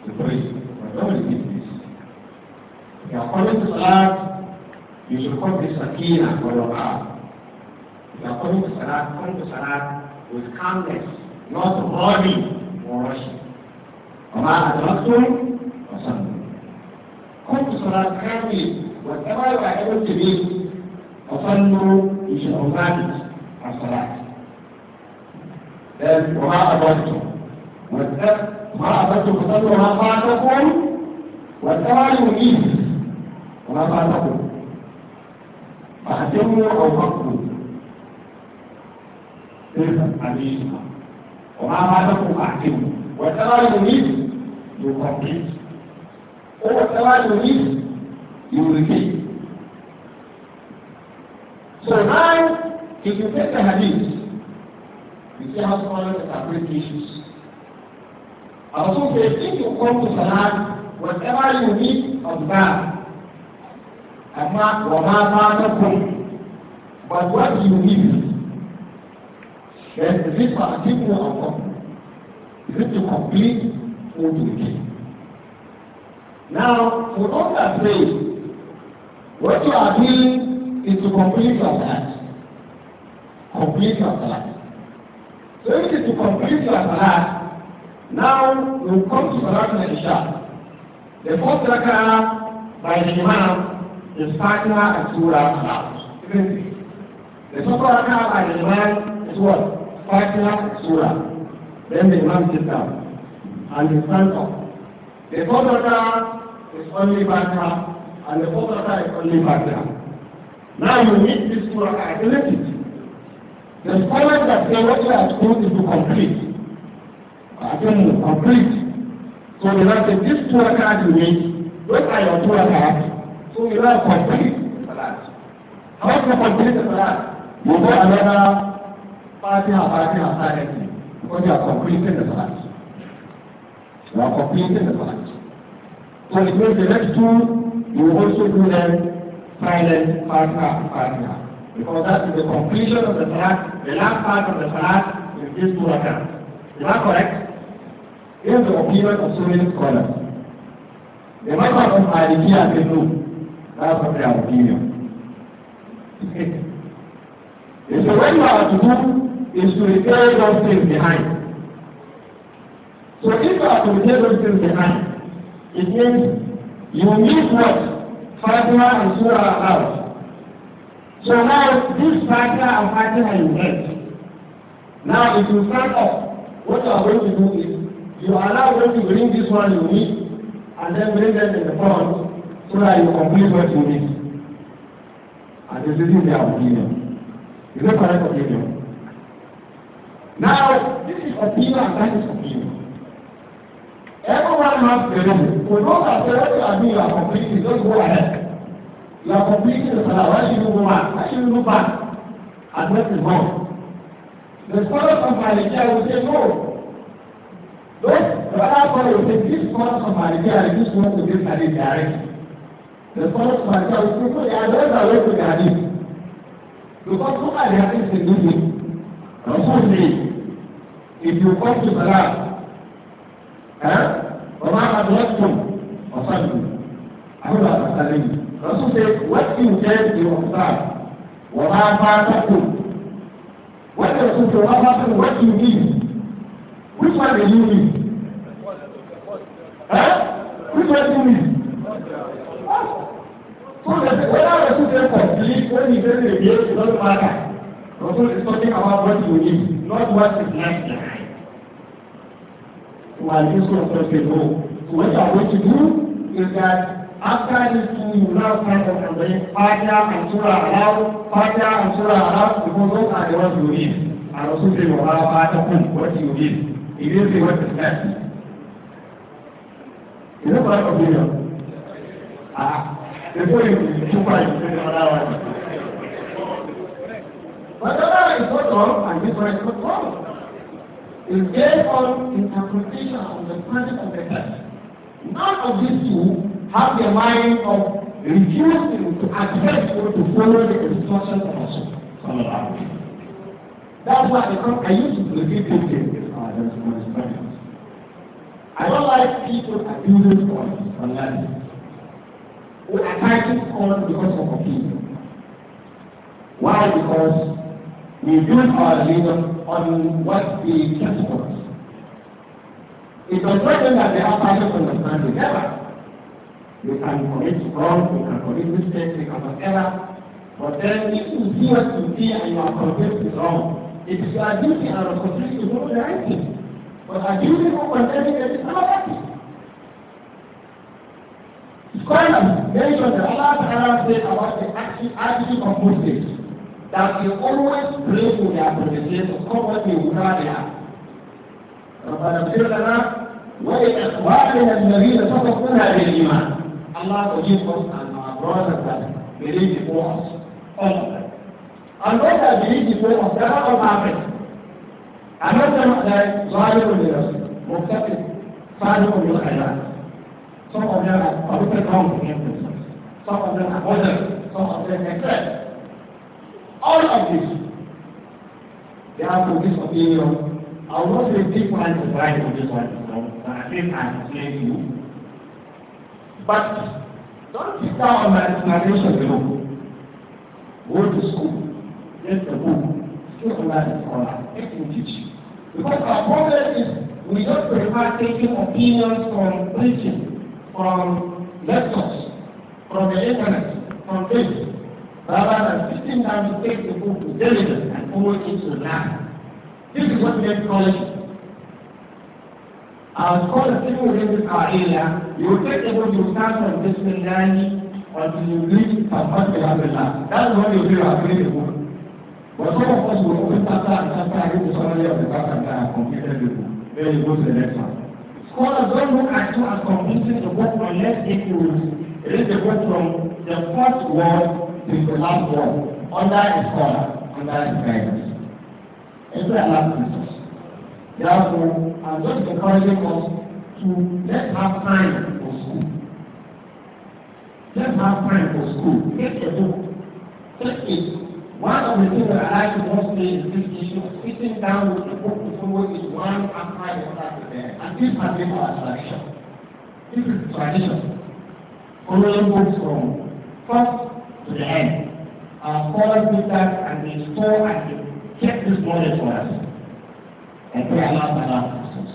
الفريد والنعم والدين يقول الصلاة يشركون بالسكينة والوقار يقول الصلاة كل صلاة with calmness not running
or rushing وما أدركتم فصلوا
كنت صلاة كاملة واتبعوا أحد السبيل وصلوا بشعوبات الصلاة وما أدركتم وما أدركته فصلوا ما فاتكم واتبعوا مجيب وما فاتكم فاهتموا أو فقوا تلك الحديثة وما فاتكم أحكموا واتبعوا يمين you complete. Or whatever you need, you repeat.
So now, if you take the
hadith, you see how the interpret issues. Also, say if you come to Salat, whatever you need of God, that, أما وما فاتكم but what you need then is it particular or
You need to complete food with.
Now, for those that pray, what you are doing is to complete your salat. Complete your salat. So if it is to complete your salat, now you come to salat and isha. The first rakah by the imam is Fatiha and Surah Salat. The second rakah by the imam is what? Fatiha and Surah. Then the imam sits down and the stand up. The
photograph
is only Batra and the photograph is only Batra. Now you need this to articulate The scholars that say what you are to complete, Again, complete. So you have to this two rakat you need, what are your two rakat? So you have complete the salat. How to complete the salat? You go another Fatiha, Fatiha, Fatiha, because you are completing the salat while completing the salat. Celebrate the next two, you also do them silent partner partner. Because that is the completion of the salat, the last part of the salat in this two rakats. Is that correct? Here is the opinion of so many scholars. The matter of Maliki and Hindu, that's not their opinion. so [LAUGHS] when you are to do is to repair those things behind. So if I compare those things behind, it means you need what Fatima and Surah are out. So now this Fatima and Fatima are in red. Now if you stand up, what you are going to do is you are now going to bring this one you need and then bring them in the front so that you complete what you need. And this isn't their opinion. Is that correct opinion? Now, this is opinion and that is opinion. Everyone has the room. We know that wherever you are doing, you are completing. Just go ahead. You are completing the salah. Why should you go back? Why should you go back? And that is wrong. The scholars of Malikia will say no. Those rabbis will say this scholars of Malikia are just going to this hadith directly. The scholars of Malikia will say no, they are those that to be hadith. Because look at the hadith in the Rasul says, if you come to salah, وما أدركتم فصلوا أولا فسلموا الرسول said what you did you observe وما فاتكم
what the Rasul said وما فاتكم what you did which one did you need huh? which one did you need
so that whether Rasul said complete when he says it again it doesn't matter Rasul is talking about what you need not what is left there while this was such a law. So what you're going to do is that after these two, you now start from the brain, Fatiha and Surah Arab, Fatiha and Surah Arab, because those are the ones you read. And also say, well, how Fatiha, what you read. It is the what is best. Is that my opinion?
Ah, before you too far, you say another one. But that is not wrong, and this one is not wrong is based on
interpretation of the present of the text. None of these two have the mind of refusing to accept or to follow the instructions of Allah. That's why I, come, I used to believe people in uh, I don't like people abusing God online. Who are attacking God because of opinion. Why? Because we build our religion on what the test was. It was not that they have perfect understanding, never. You can commit wrong, you can commit mistakes, you can commit error, but then if you see what you see and you are convinced it's wrong, it is your duty and responsibility to do the right thing. But accusing or condemning them is not right thing. Scholars mentioned that Allah Ta'ala said about the action, attitude of Muslims. that they always pray for their predecessors, not what they would rather have. ربنا اغفر لنا ولإخواننا الذين سبقونا بالإيمان. Allah forgive us and our brothers that believe before us. All of them. And those that believe before us, they are all perfect. And not them that ظالم لنفسه مفتقد صادق للخيرات. Some of them are committed wrong against themselves. Some of them are others. Some of them are threats. All of this. They have to this opinion. I will not people what I provide on this one, but I think I explained you. But don't sit down on my explanation below. Go to school, get the book, still online scholar, it will teach you. Because our problem is we don't prefer taking opinions from preaching, from lectures, from the internet, from this. Baba na sitting down to take the book with diligence and to into now. This is what we get calling our scholars people oh, within our area, you will take the book, you start from Bismillah until you reach from to Tabat That is what you do after the book. But some of us will open chapter and chapter and read the summary of the chapter and completed the book. Then you go to the next one. Scholars don't look at you as completing the book unless it you read from the first word is the last one. Under is color, under is guidance. Is that last Jesus? Therefore, I'm just encouraging us to let's have time for school. Let's have time for school. Take a book. Take it. One of the things that I like to most say is this issue of sitting down with the book to follow is one after the other. And this has been our tradition. This is tradition. Following books from first to the end. Our scholars do that and we store and they check this knowledge for us. And pray Allah for our success.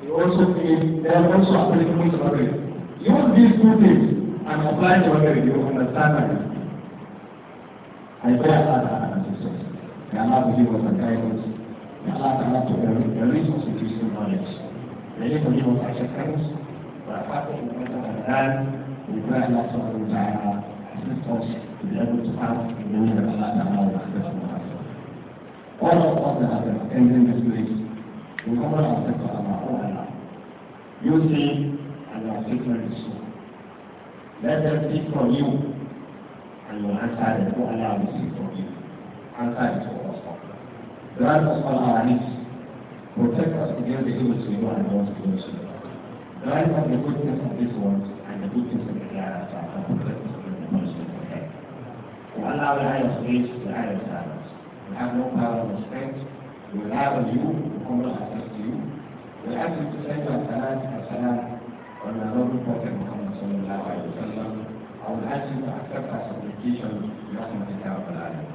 He also says they are also applicable to others. Use these two things and apply to others. You understand that. I pray Allah for our success. May Allah forgive us and guide us. May Allah allow to the reasons of Christian knowledge. May He forgive us our shortcomings. وأخاف أن يكون هذا الآن من الله سبحانه وتعالى us to be able to have the meaning of Allah Ta'ala will accept from All of us that have attended this place, we humble ourselves to Allah, oh Allah. You see, and your secret is Let them seek from you, and you answer them, oh Allah, we seek from you. Answer it for us. Grant us all our needs. Protect us against the evil to know and those to we Grant us the goodness of this world and the goodness of the hereafter. Allah will hire us rich, will hire us We have no power of strength. We have a you, we humble ourselves to you. We ask you to send your salat and salam on our noble prophet Muhammad sallallahu alayhi wa sallam. I will ask you to accept our supplication, Rahmatika Rabbil Alam.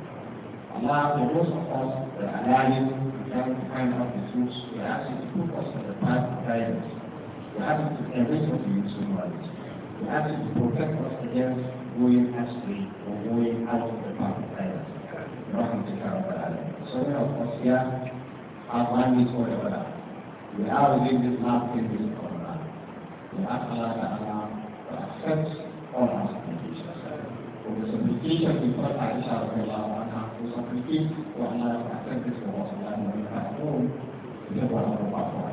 Allah, for those of us that are alive, we try to find out the truth. We ask you to put us on the path of guidance. We ask you to enrich us in your knowledge. We ask you to protect us against goyon asiri ko goyon asiri da fafitai rahmatuka rabbil alamin so now of here our for the forever we are living this last in this corner we ask Allah ta'ala to accept all our supplications for the supplication we put Aisha radiallahu anha to supplicate for Allah to accept this for us Allah we have to we one of our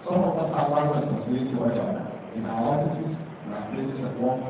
some of us are one responsibility in our offices, in our places of work,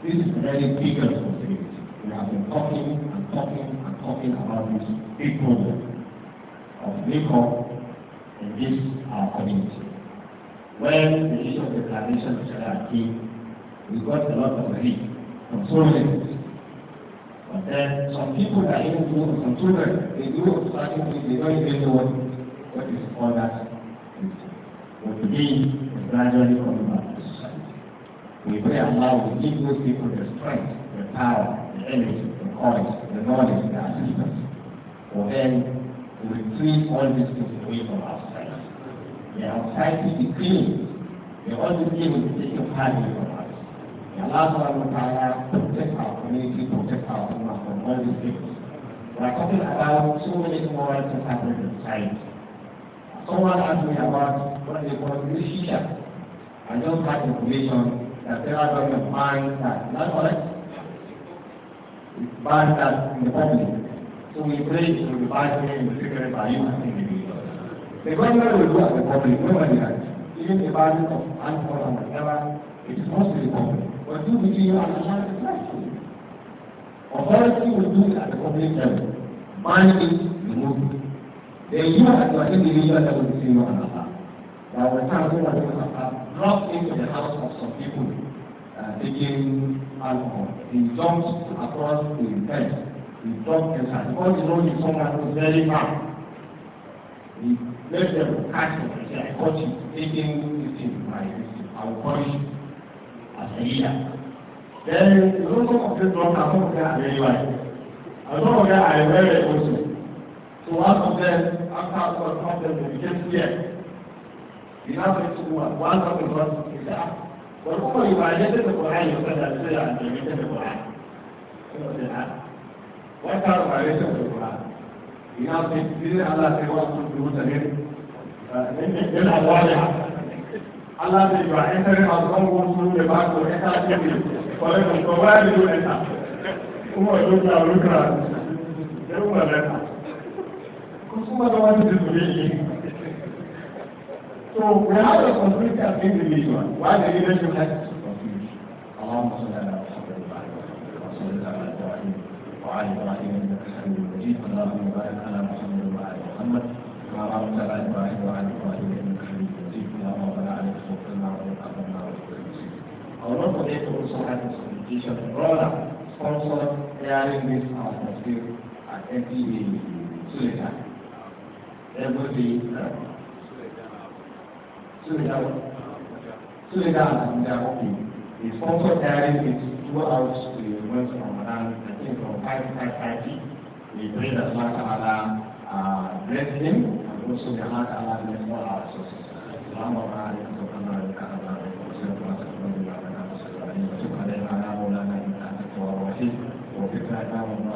This is a very big responsibility. We have been talking and talking and talking about this big problem of people in this our uh, community. When the issue of declaration of Sharia came, we got a lot of grief from so many But then some people that even more. some children, they do starting with they don't even know what is all that. But today, gradually coming back. We pray Allah to give those people the strength, the power, the energy, the courage, the knowledge, the assistance. For then we retrieve all these things away from ourselves. The are trying to clean. The all these things will be taken far away from us. May Allah subhanahu wa ta'ala protect our community, protect our ummah from all these things. We are talking about so many more things happening inside. Someone asked me about what they call new shisha. I just had information that several governments ban that. That's correct. It's banned that in the public. So we pray it will be banned here in the secret by you as individuals. The government will do as the public, nobody else. Even the value of alcohol and whatever, it is mostly the public. But do between you and the chance Authority will do it at the public level. Ban it, remove it. Then you as individual level between you and Allah. There was a time when drop into the house of some people came alcohol. He jumped across the fence. He dropped inside. Because he knows someone who's very bad. He let them catch him. He said, I caught you taking this thing by this I will punish you
as a leader.
Then, you know, some of the drugs are some of them are very right. And some of them are very also. So one of them, after one of them, they became scared. He now said to one, one of the drugs, he said, ah, والأمة يعالجة القرآن يقدر السلع عن تلميذ القرآن وأكثر معرفة القرآن إنها تكتير على سواء كنت مسلم فإنها واضحة Allah bai ba in tare masu kan wasu da ba ko ya ta ce ne kwarai da ko ba da dole kuma da da
So we have a conflict of individual. Why the individual
has to confuse? اللهم صل على محمد وعلى آله وصحبه وعلى إبراهيم وعلى إبراهيم إنك حميد مجيد اللهم بارك على محمد وعلى محمد كما باركت على إبراهيم وعلى إبراهيم إنك حميد مجيد اللهم ربنا عليك توكلنا وعليك أمرنا وعليك المسلمين. Our Lord was able to have this communication with brother, sponsor, airing this out of field at MPA Sulika. Every day, So they got
in
that opening. It's also added into two hours to the month of Ramadan, I think from five to We pray that Allah Ta'ala uh, bless him and also that Allah Ta'ala bless all our resources. اللهم بارك